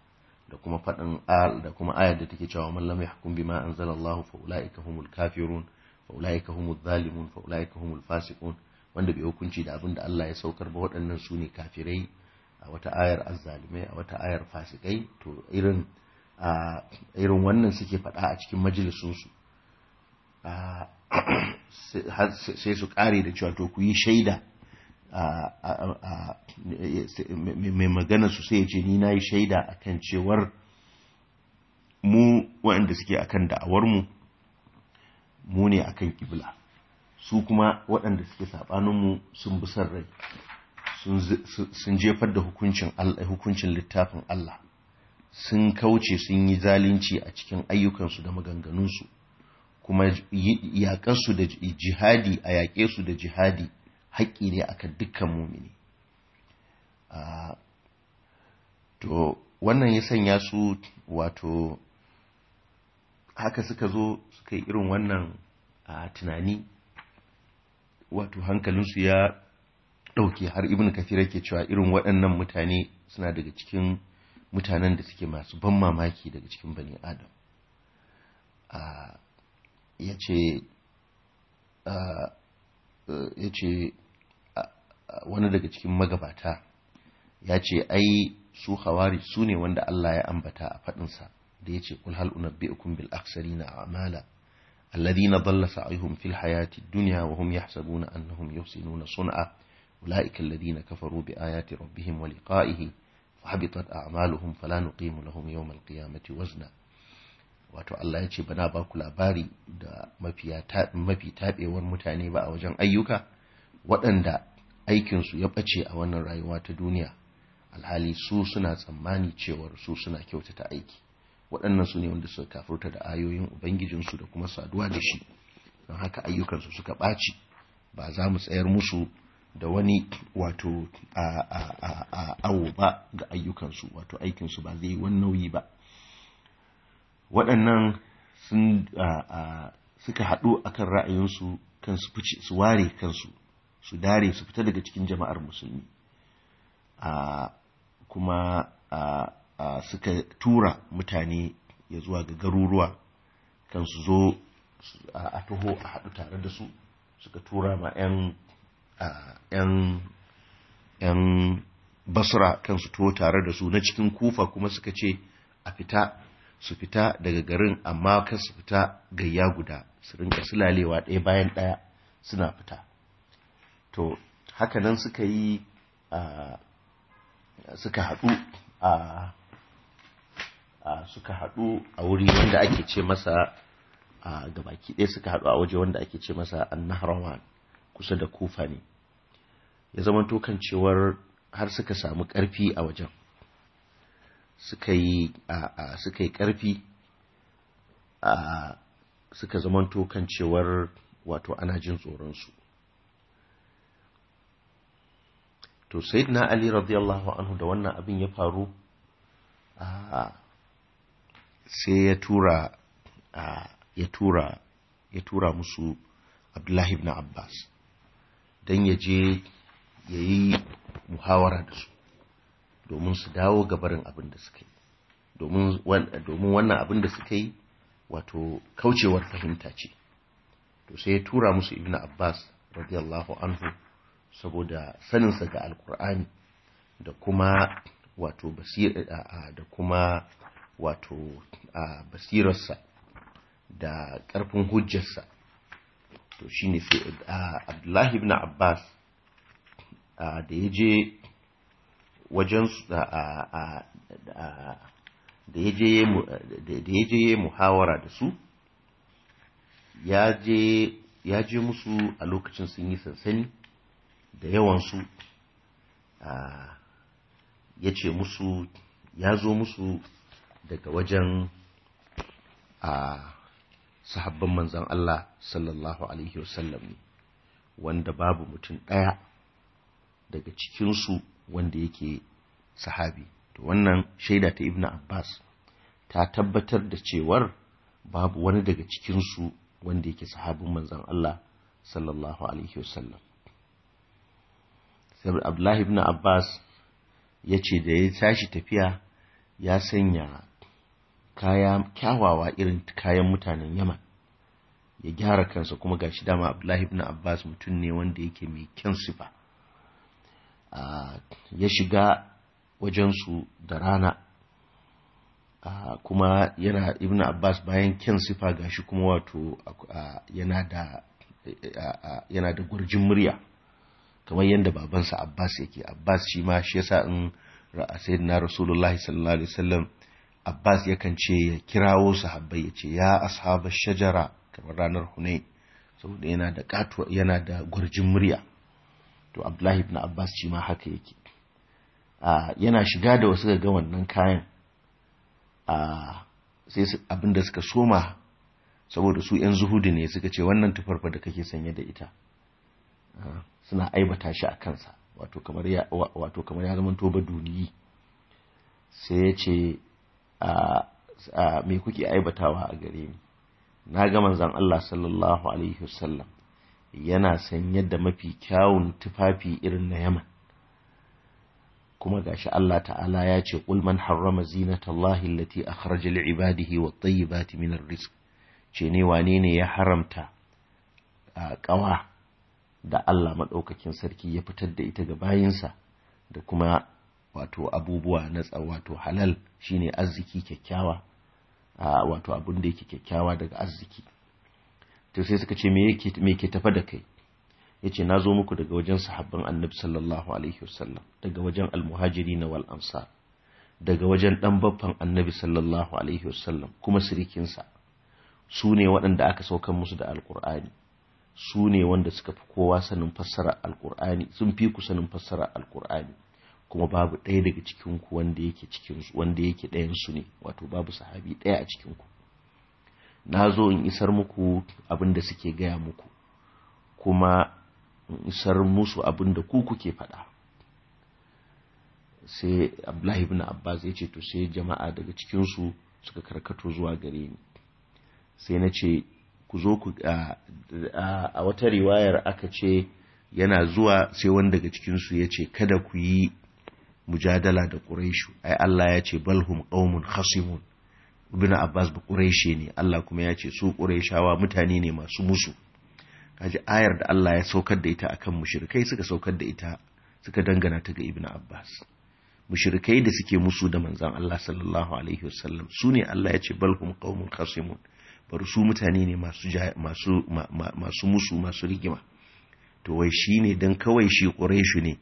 da kuma faɗin al da kuma ayar da take cewa man lam yahkum bima Allah fa ulaika humul kafirun fa ulaika humul zalimun fa ulaika humul fasiqun wanda bai hukunci da abin da Allah ya saukar ba waɗannan su kafirai a wata ayar azzalimai a wata ayar fasikai to irin a irin wannan suke faɗa a cikin majalisunsu sai su ƙare da cewa to ku yi shaida mai magana su sai ce ni na yi shaida akan cewar mu waɗanda suke a kan da'awarmu mu ne akan kibla su kuma waɗanda suke saɓaninmu sun bi san rai sun jefar da hukuncin littafin Allah sun kauce sun yi zalunci a cikin ayyukansu da maganganunsu kuma yaƙarsu da jihadi a yaƙe su da jihadi haƙƙi ne a kan dukkan mumini ah, to wannan ya sanya su wato haka suka zo suka yi irin wannan a tunani wato hankalinsu ya ɗauke har ibn kafir ke cewa irin waɗannan mutane suna daga cikin mutanen da suke masu ban mamaki daga cikin bani adam ah, ya ce ah, yace wani daga cikin magabata yace ai su khawari su ne wanda Allah ya ambata a fadin sa da yace kul hal unabbi'ukum bil aksarina a'mala alladhina dhalla sa'ihum fil hayati dunya wa hum yahsabuna annahum yuhsinuna sun'a ulaika alladhina kafaru bi ayati rabbihim wa liqa'ihi fa habitat a'maluhum fala nuqimu lahum yawm al qiyamati wazna wato Allah ya ce bana ba ku labari da mafi taɓewar mutane ba a wajen ayyuka waɗanda aikinsu ya ɓace a wannan rayuwa ta duniya alhali su suna tsammani cewar su suna kyautata aiki waɗannan su ne wanda suka kafurta da ayoyin ubangijinsu da kuma saduwa da shi don haka ayyukansu suka ɓaci ba za mu tsayar musu da wani wato a awo ba ga ayyukansu wato aikinsu ba zai yi wani nauyi ba waɗannan sun suka haɗu a kan ra'ayinsu kan su fice su ware kansu su dare su fita daga cikin jama'ar musulmi kuma suka tura mutane ya zuwa ga garuruwa kan su zo a taho a haɗu tare da su suka tura ma 'yan basra kan su taho tare da su na cikin kufa kuma suka ce a fita su fita daga garin amma kan su fita gayya guda su rinka sulalewa ɗaya bayan ɗaya suna fita to hakanan suka yi suka haɗu a suka haɗu a wuri wanda ake ce masa a gabaki ɗaya suka haɗu a waje wanda ake ce masa naharawa kusa da kufa ne ya zama tokancewar har suka samu ƙarfi a wajen suka yi suka yi ƙarfi suka zamanto kan cewar wato ana jin tsoronsu to sayyidina ali radiyallahu anhu da wannan abin ya faru sai ya tura ya tura ya tura musu abdullahi ibn abbas don ya je ya yi muhawara da su domin su dawo ga barin abin da suka yi domin wannan abin da suka yi wato kaucewar fahimta ce to sai ya tura musu ibnu abbas radiyallahu anhu saboda saninsa ga alkur'ani da kuma wato da kuma wato basirarsa da ƙarfin hujjarsa to shine sai abdullahi ibn abbas da ya je wajen da ya je muhawara da su ya je musu a lokacin sun yi sansani da yawansu ya ce musu ya zo musu daga wajen a sahabban manzan Allah sallallahu alaihi wasallam wanda babu mutum ɗaya daga cikinsu wanda yake sahabi to wannan shaida ta ibnu abbas ta tabbatar da cewar babu wani daga cikinsu wanda yake sahabin manzan Allah sallallahu alaihi wasallam sai abdullahi ibn abbas ya ce da ya tashi tafiya ya sanya kaya kyawawa irin kayan mutanen yaman ya gyara kansa kuma gashi dama abdullahi ibn abbas mutum ne wanda yake mai kyan sifa ya shiga wajensu da rana kuma yana ibn abbas bayan kyan sifa gashi kuma wato yana da gurjin murya kamar yadda babansa abbas yake abbas shi ma shi yasa in na rasulullahi sallallahu alaihi wasallam abbas yakan ce ya kirawo sahabbai ya ce ya ashabar shajara kamar ranar hunain saboda yana da yana da gurjin murya to abdullahi ibn abbas shi ma haka yake yana shiga da wasu ga wannan kayan sai abin da suka soma saboda su 'yan zuhudu ne suka ce wannan tufarfa da kake sanye da ita suna aibata shi a kansa wato kamar ya zama toba duniyi sai ya ce mai kuke aibatawa a gare ni na ga manzan Allah sallallahu alaihi wasallam yana sanye da mafi kyawun tufafi irin na yaman kuma gashi Allah ta'ala ya ce ƙulman man harrama zinatallahi allati akhraja ibadihi wat-tayyibati min ar-rizq ce ne wane ne ya haramta a kawa da Allah madaukakin sarki ya fitar da ita ga bayinsa da kuma wato abubuwa na wato halal shine arziki kyakkyawa wato abin da yake kyakkyawa daga arziki to sai suka ce me yake ke tafa da kai yace na zo muku daga wajen sahabban annabi sallallahu alaihi wasallam daga wajen almuhajirin wal ansar daga wajen dan baffan annabi sallallahu alaihi wasallam kuma sirikinsa su ne waɗanda aka saukan musu da alkur'ani su ne wanda suka fi kowa sanin fassara alkur'ani sun fi ku sanin fassara alkur'ani kuma babu ɗaya daga cikinku ku wanda yake cikin wanda yake ɗayan ne wato babu sahabi ɗaya a cikinku. na zo in isar muku abin da suke gaya muku kuma in isar musu abin da ku kuke faɗa sai abdullahi ibn abbas ya ce to sai jama'a daga cikinsu suka karkato zuwa gare ni sai na ce ku zo ku a wata riwayar aka ce yana zuwa sai wanda daga cikinsu ya ce kada ku yi mujadala da ƙuraishu ai Allah ya ce balhum qaumun khasimun ibn abbas ba ƙureshe ne allah kuma ya ce su ƙureshawa mutane ne masu musu kaji ayar da allah ya saukar da ita akan mushrikai suka saukar da ita suka dangana ta ga ibn abbas mushrikai da suke musu da manzon allah sallallahu alaihi wasallam su ne allah ya ce balhum qaumun khasimun bar su mutane ne masu masu masu musu masu rigima to wai shine dan kawai shi ƙureshu ne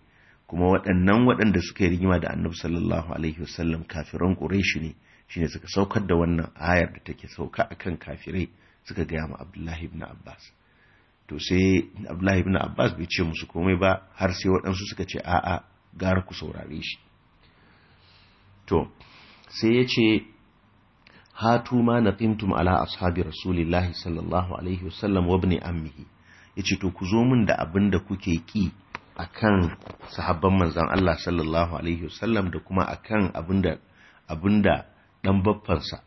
kuma waɗannan waɗanda suka yi rigima da annabi sallallahu alaihi wasallam kafiran ƙureshu ne shine suka saukar da wannan ayar da take sauka akan kafirai suka gaya ma Abdullahi ibn Abbas to sai Abdullahi ibn Abbas bai ce musu komai ba har sai waɗansu suka ce a'a gara ku saurare shi to sai ya ce hatu ma naqimtum ala ashabi rasulillahi sallallahu alaihi wasallam wa ibn ammihi yace to ku zo min da abin da kuke ki akan sahabban manzon Allah sallallahu alaihi wasallam da kuma akan abinda abinda dan baffansa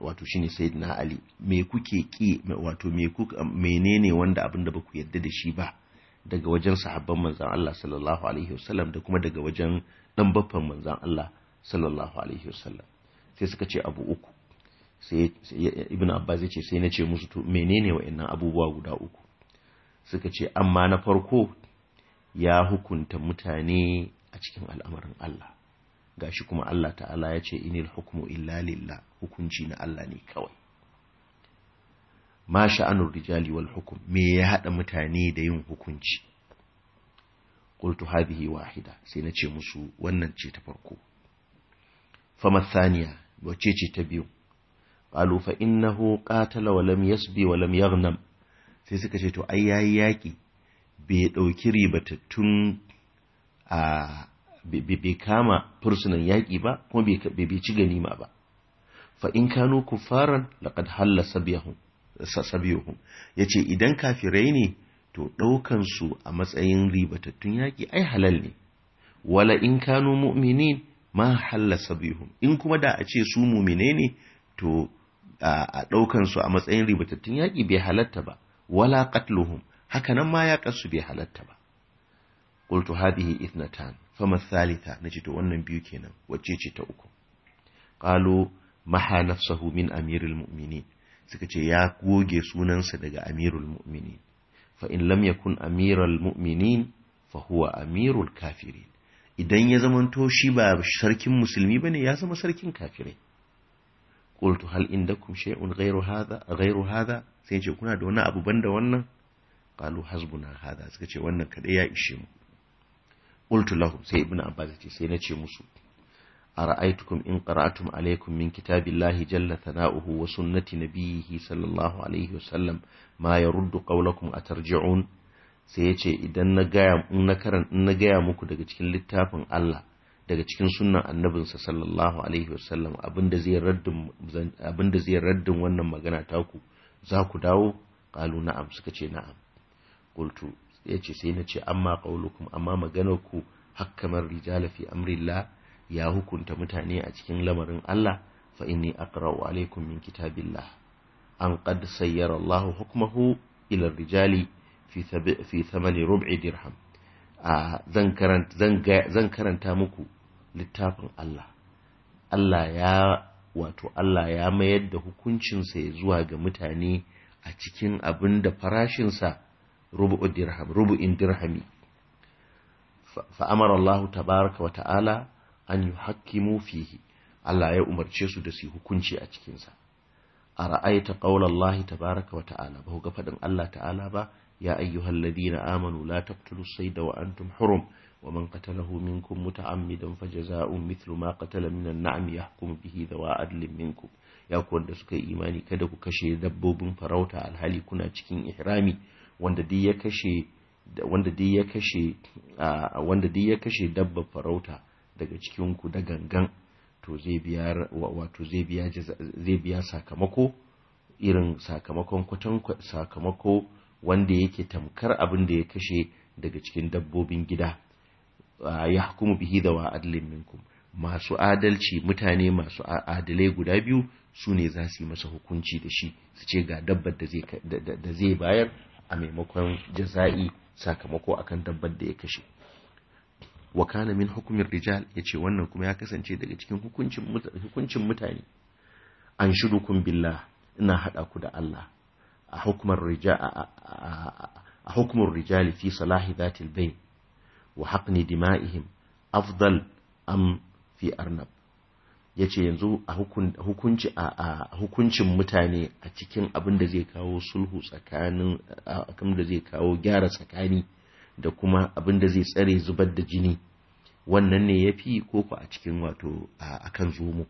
wato shine sayyidina ali me kuke ki wato me ku menene wanda abin da baku yarda da shi ba daga wajen sahabban manzon Allah sallallahu alaihi wasallam da kuma daga wajen dan baffan manzon Allah sallallahu alaihi wasallam sai suka ce abu uku sai ibn abbas ya ce sai na ce musu to menene wa'annan abubuwa guda uku suka ce amma na farko ya hukunta mutane a cikin al'amarin Allah gashi kuma Allah ta'ala ya ce inil hukmu illa lillah hukunci na Allah ne kawai ma sha'anur rijali wal hukum me ya hada mutane da yin hukunci qultu hadhihi wahida sai na ce musu wannan ce ta farko fama thaniya wace ce ta biyu qalu fa innahu qatala wa lam yasbi wa lam yaghnam sai suka ce to ai yayi yaki bai dauki ribatattun a bai kama fursunan yaƙi ba kuma bai ci ganima ba fa in kanu kufaran laqad halla sabiyahum Ya yace idan kafirai ne to ɗaukan su a matsayin ribatattun yaƙi ai halal ne wala in kanu mu'minin ma halla sabihum in kuma da a ce su mu'mine ne to a ɗaukan su a matsayin ribatattun yaƙi bai halatta ba wala qatluhum haka nan ma ya su bai halatta ba qultu hadhihi ithnatan fama masalita! na ce to wannan biyu kenan wacce ce ta uku qalu maha nafsahu min amirul mu'mini suka ce ya goge sunansa daga amirul mu'mini fa in lam yakun amirul mu'minin fa huwa amirul kafiri. idan ya zamanto shi ba sarkin musulmi bane ya zama sarkin kafirai qultu hal indakum shay'un ghayru hadha ghayru hadha sai ce kuna da wani abu banda wannan qalu hasbuna hadha suka ce wannan kadai ya ishe mu qultu lahum sai ibnu abbas ce sai nace ce musu ara'aytukum in qara'tum alaykum min kitabillahi jalla thana'uhu wa sunnati nabiyhi sallallahu alaihi sallam. ma yaruddu qawlakum atarji'un sai yace idan na gaya in na karan in na gaya muku daga cikin littafin Allah daga cikin sunnan annabinsa sallallahu alaihi sallam abinda zai raddin abinda zai raddin wannan magana taku za ku dawo qalu na'am suka ce na'am qultu ya ce sai na ce amma qaulukum amma maganar ku hakkamar rijala fi amrillah ya hukunta mutane a cikin lamarin Allah fa inni aqra'u alaikum min kitabillah an qad sayyara Allahu hukmahu ila rijali fi fi thamani rub'i dirham zan karanta zan karanta muku littafin Allah Allah ya wato Allah ya mayar da hukuncinsa ya zuwa ga mutane a cikin abin da farashinsa rubu'u dirham rubu'in dirhami fa amara Allah tabaraka wa ta'ala an yuhakkimu fihi Allah ya umarci su da suyi hukunci a cikinsa. A ara'aita qawla Allah tabaraka wa ta'ala ba ga fadin Allah ta'ala ba ya ayyuhalladhina amanu la taqtulus sayda wa antum hurum ومن قتله منكم متعمدا فجزاء مثل ما قتل من النعم يحكم bihi ذوى عدل منكم ya kuwa da suka yi imani kada ku kashe dabbobin farauta alhali kuna cikin ihrami wanda di ya kashe wanda di ya kashe wanda di ya kashe dabba farauta daga cikin ku da gangan to zai biya wato zai biya zai biya sakamako irin sakamakon kwatan sakamako wanda yake tamkar abin da ya kashe daga cikin dabbobin gida ya hukumu bihi da wa minkum masu adalci mutane masu adalai guda biyu su ne za su yi masa hukunci da shi su ce ga dabbar da zai bayar a maimakon jaza'i sakamako akan dabbar da ya kashe wa kana min hukumin rijal yace wannan kuma ya kasance daga cikin hukuncin hukuncin mutane an shudukum billah ina hada ku da Allah a hukumar rijal a hukumar rijal fi salahi dhatil bayn wa haqni dima'ihim afdal am fi arnab ya ce yanzu a hukunci a hukuncin mutane a cikin abin da zai kawo sulhu tsakanin abin da zai kawo gyara tsakani da kuma abin da zai tsare zubar da jini wannan ne ya fi koko a cikin wato a kan zomo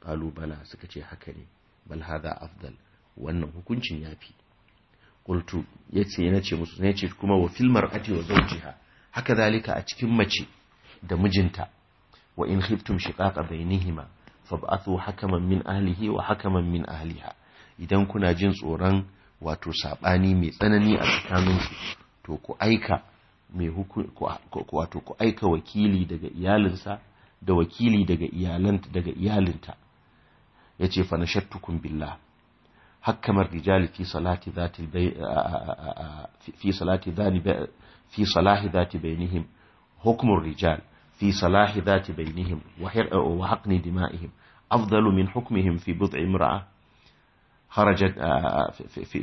ƙalubala suka ce haka ne bal afdal wannan hukuncin ya fi ƙultu ya ce na ce musu ne ce kuma wa filmar ati wa zaujiha haka zalika a cikin mace da mijinta wa in khiftum shiqaqa bainihima fab'athu hakaman min Alihi wa hakaman min Aliha. idan kuna jin tsoron wato sabani mai tsanani a tsakaninku to ku aika wato ku aika wakili daga iyalinsa da wakili daga iyalanta daga iyalinta yace fa nashattukum billah hakkamar rijali fi salati dhati fi salati dhani bainihim hukmur rijal في صلاح ذات بينهم وحقن دمائهم أفضل من حكمهم في بضع امرأة خرجت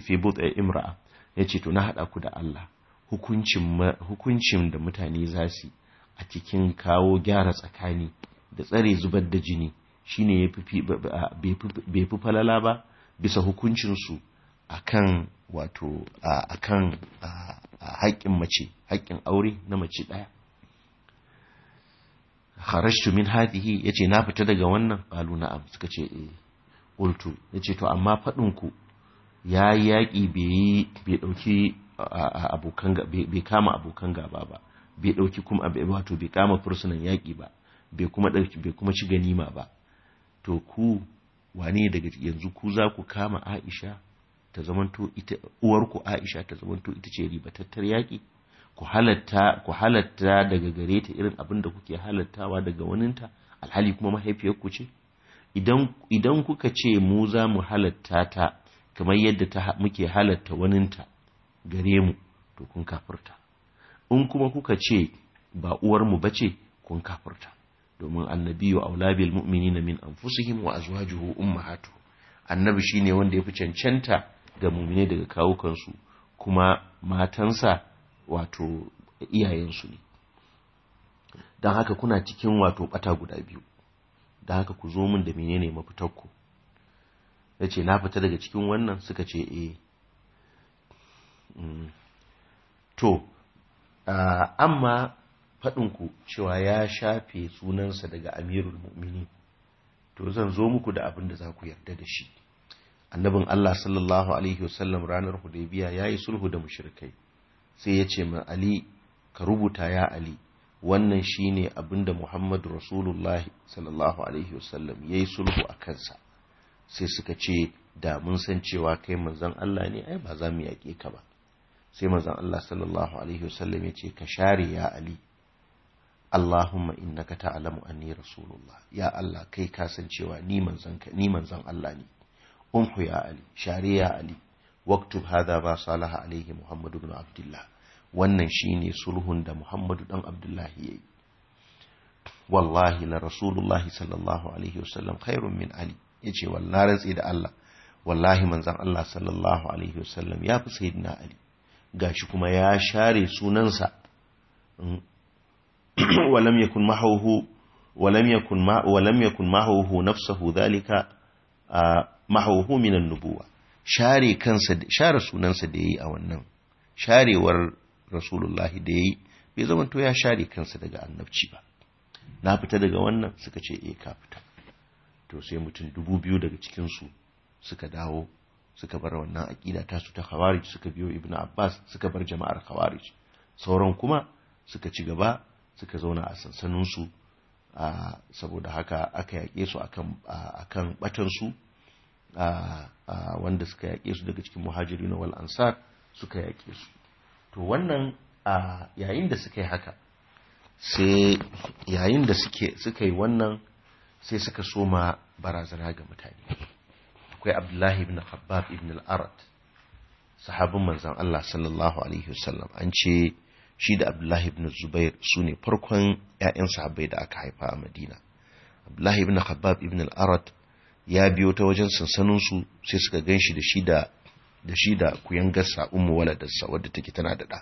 في بضع امرأة yace to na haɗa ku da Allah hukuncin da mutane za su a cikin kawo gyara tsakani da tsare zubar da jini shine bai fi falala ba bisa hukuncinsu a kan wato a kan haƙƙin mace haƙƙin aure na mace ɗaya kharashtu min hadhihi yace na fita daga wannan qalu na'am suka ce eh qultu yace to amma fadin ku ya yaki bai bai dauki abokan bai kama abokan gaba ba bai dauki kuma wato bai kama fursunan yaki ba bai kuma dauki bai kuma ci ganima ba to ku wane daga yanzu ku za ku kama Aisha ta zamanto ita uwarku Aisha ta zamanto ita ce ribatattar yaki ku halatta daga gare ta irin abin da kuke halattawa daga waninta alhali kuma mahaifiyarku ce idan kuka ce mu za mu halatta ta kamar yadda ta muke halatta waninta gare mu to kun kafirta in kuma kuka ce ba uwar mu bace kun kafurta. domin annabiyu aula bil na min anfusihim wa azwajuhu ummahatu annabi shine wanda ya fi cancanta ga mumine daga kawukansu kuma matansa wato iyayensu ne don haka kuna cikin wato bata guda biyu don haka ku zo min da menene mafitarku ya ce na fita daga cikin wannan suka ce e to amma faɗinku cewa ya shafe sunansa daga amirul mu'mini to zan zo muku da abin da za ku yarda da shi annabin allah sallallahu alaihi wasallam ranar hudaybiya ya yi sulhu da mushrikai sai ya ce ma ali ka rubuta ya ali wannan shine abinda muhammadu rasulullah sallallahu alaihi wasallam ya yi sulhu a kansa sai suka ce da mun san cewa kai manzon Allah ne ai ba za mu yaƙe ka ba sai manzon Allah sallallahu alaihi wasallam ya ce ka share ya ali Allahumma innaka ta'lamu anni rasulullah ya Allah kai ka san cewa ni manzon ka ni manzon Allah ne umhu ya ali share ali واكتب هذا ما صالح عليه محمد بن عبد الله wannan shine sulhun da Muhammadu dan Abdullahi yayi wallahi la rasulullah sallallahu alaihi wasallam khairun min ali yace wallahi rantsi da Allah wallahi manzon Allah sallallahu alaihi wasallam ya fi sayyidina ali gashi kuma ya share sunansa walam yakun mahuhu ولم يكن ما ولم يكن معه نفسه ذلك معه من nubuwah share kansa share sunansa da yayi a wannan sharewar rasulullahi da yayi bai zamanto ya share kansa daga annabci ba na fita daga wannan suka ce eh ka fita to sai mutum dubu biyu daga cikin su suka dawo suka bar wannan aƙida ta su ta khawarij suka biyo ibnu abbas suka bar jama'ar khawarij sauran kuma suka ci gaba suka zauna a sansanin su saboda haka aka yaƙe su akan akan batan su wanda suka yaƙe su daga cikin muhajiri na ansar suka yaƙe su to wannan yayin da suka yi haka sai yayin da suka yi wannan sai suka soma barazana ga mutane akwai abdullahi ibn khabbab ibn al-arad sahabin manzan Allah sallallahu alaihi wasallam an ce shi da abdullahi ibn zubair su ne farkon 'ya'yan sahabai da aka haifa a madina abdullahi ibn khabbab ibn al-arad ya biyo ta wajen sansaninsu sai suka gan shi da shi da da shi da kuyangarsa ummu waladarsa wadda take tana da ɗa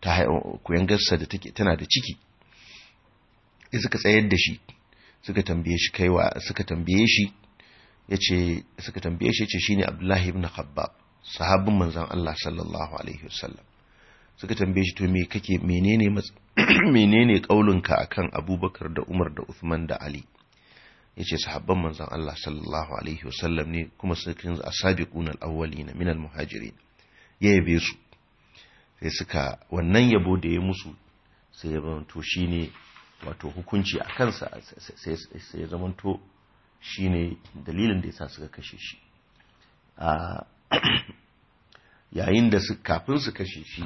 ta kuyangarsa da take tana da ciki suka tsayar da shi suka tambaye shi kaiwa suka tambaye shi yace suka tambaye shi yace shine Abdullahi ibn Khabbab sahabin manzon Allah sallallahu alaihi wasallam suka tambaye shi to me kake menene menene kaulinka akan Abubakar da Umar da Uthman da Ali yace sahabban manzon Allah sallallahu alaihi wasallam ne kuma sukin asabiqun al-awwalin min al-muhajirin ya yabe su sai suka wannan yabo da ya musu sai ya zamanto shine wato hukunci a kansa sai ya zamanto shine dalilin da yasa suka kashe shi yayin da su kafin su kashe shi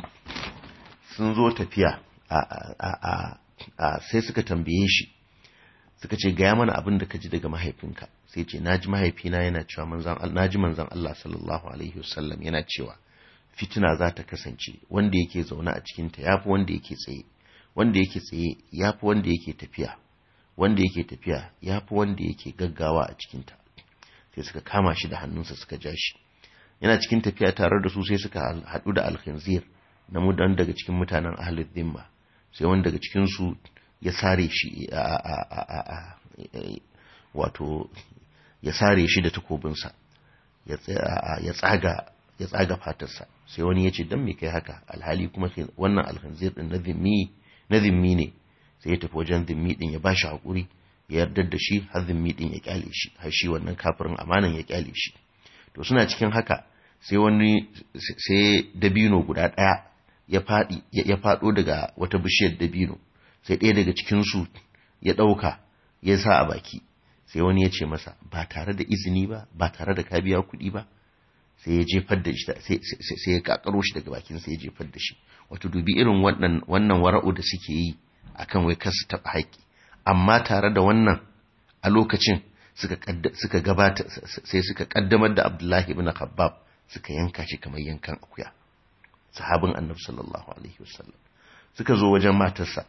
sun zo tafiya a sai suka tambaye shi suka ce gaya mana abin da ka ji daga mahaifinka sai ce na ji mahaifina yana cewa manzan ji manzan Allah sallallahu alaihi wasallam yana cewa fitina za ta kasance wanda yake zaune a cikin ta yafi wanda yake tsaye wanda yake tsaye yafi wanda yake tafiya wanda yake tafiya yafi wanda yake gaggawa a cikinta. sai suka kama shi da hannunsa suka ja shi yana cikin tafiya tare da su sai suka haɗu da alkhinzir na mudan daga cikin mutanen ahlul dhimma sai wanda daga cikin ya sare shi wato ya sare shi da takobinsa ya tsaga ya tsaga fatarsa sai wani ya ce don me kai haka alhali kuma wannan alhanzir din na zimmi ne sai ya tafi wajen zimmi din ya ba shi hakuri ya yarda da shi har zimmi din ya kyale shi har shi wannan kafirin amanan ya kyale shi to suna cikin haka sai wani sai dabino guda ɗaya ya faɗo ya fado daga wata bishiyar dabino sai ɗaya daga cikinsu ya ɗauka ya sa a baki sai wani ya ce masa ba tare da izini ba ba tare da ka biya kuɗi ba sai ya jefar da shi sai ya kakaro shi daga bakin sai ya jefar da shi wato dubi irin wannan wara'u da suke yi akan wai kar su taɓa haƙƙi amma tare da wannan a lokacin suka gabata sai suka kaddamar da Abdullahi ibn Khabbab suka yanka shi kamar yankan akuya sahabin Annabi sallallahu alaihi wasallam suka zo wajen matarsa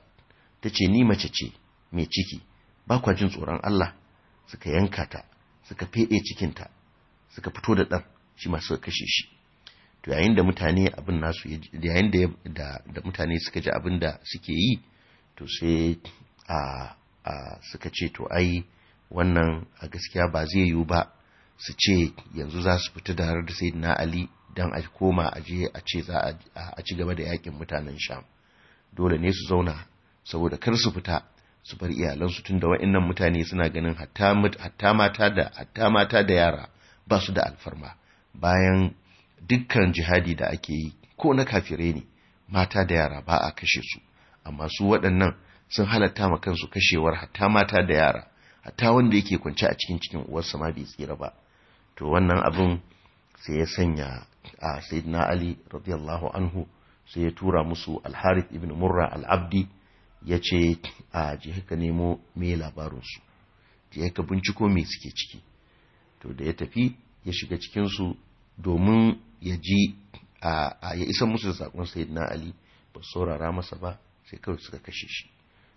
ta ce ni mace ce mai ciki ba kwa jin tsoron Allah suka yanka ta suka feɗe cikinta suka fito da ɗan shi masu kashe shi to yayin da mutane abin nasu yayin da da mutane suka ji abin da suke yi to sai a a suka ce to ai wannan a gaskiya ba zai yiwu ba su ce yanzu za su fita da da na Ali dan a koma a je a ce za a ci gaba da yakin mutanen Sham dole ne su zauna saboda kar su fita su bar iyalansu tun da wa'annan mutane suna ganin hatta mata da hatta mata da yara ba su da alfarma bayan dukkan jihadi da ake yi ko na kafire ne mata da yara ba a kashe su amma su waɗannan sun halatta ma kansu kashewar hatta mata da yara hatta wanda yake kwance a cikin cikin uwarsa ma bai tsira ba to wannan abin sai ya sanya a sayyidina ali radiyallahu anhu sai ya tura musu al-harith ibn murra al-abdi ya ce a je haka nemo me labarinsu je haka binciko me suke ciki to da ya tafi ya shiga cikinsu domin ya ji a ya isa musu da saƙon na ali ba saurara masa ba sai kawai suka kashe shi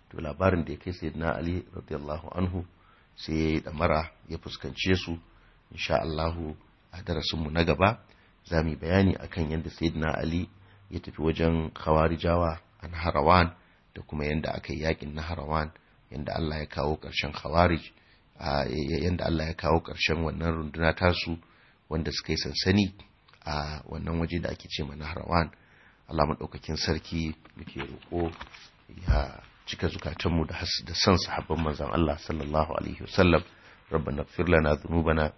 to labarin da ya kai sayyidina ali radiyallahu anhu sai ya yi ɗamara ya fuskance su insha Allahu a darasinmu na gaba za mu yi bayani akan yadda Saidna ali ya tafi wajen khawarijawa an harawan da kuma yanda aka yi yakin na harawan yadda Allah ya kawo ƙarshen khawarij yanda Allah ya kawo ƙarshen wannan runduna tasu wanda suka yi sansani a wannan waje da ake ce na harawan Allah maɗaukakin sarki muke roƙo ya cika zukatanmu da da san sahabban manzon Allah sallallahu alaihi wasallam ربنا اغفر لنا ذنوبنا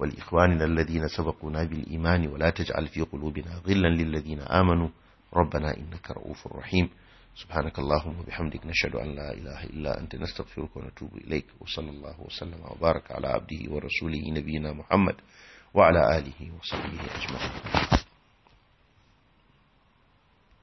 ولإخواننا الذين سبقونا بالإيمان ولا تجعل في قلوبنا غلا للذين آمنوا ربنا إنك رؤوف رحيم سبحانك اللهم وبحمدك نشهد أن لا إله إلا أنت نستغفرك ونتوب إليك وصلى الله وسلم وبارك على عبده ورسوله نبينا محمد وعلى آله وصحبه أجمعين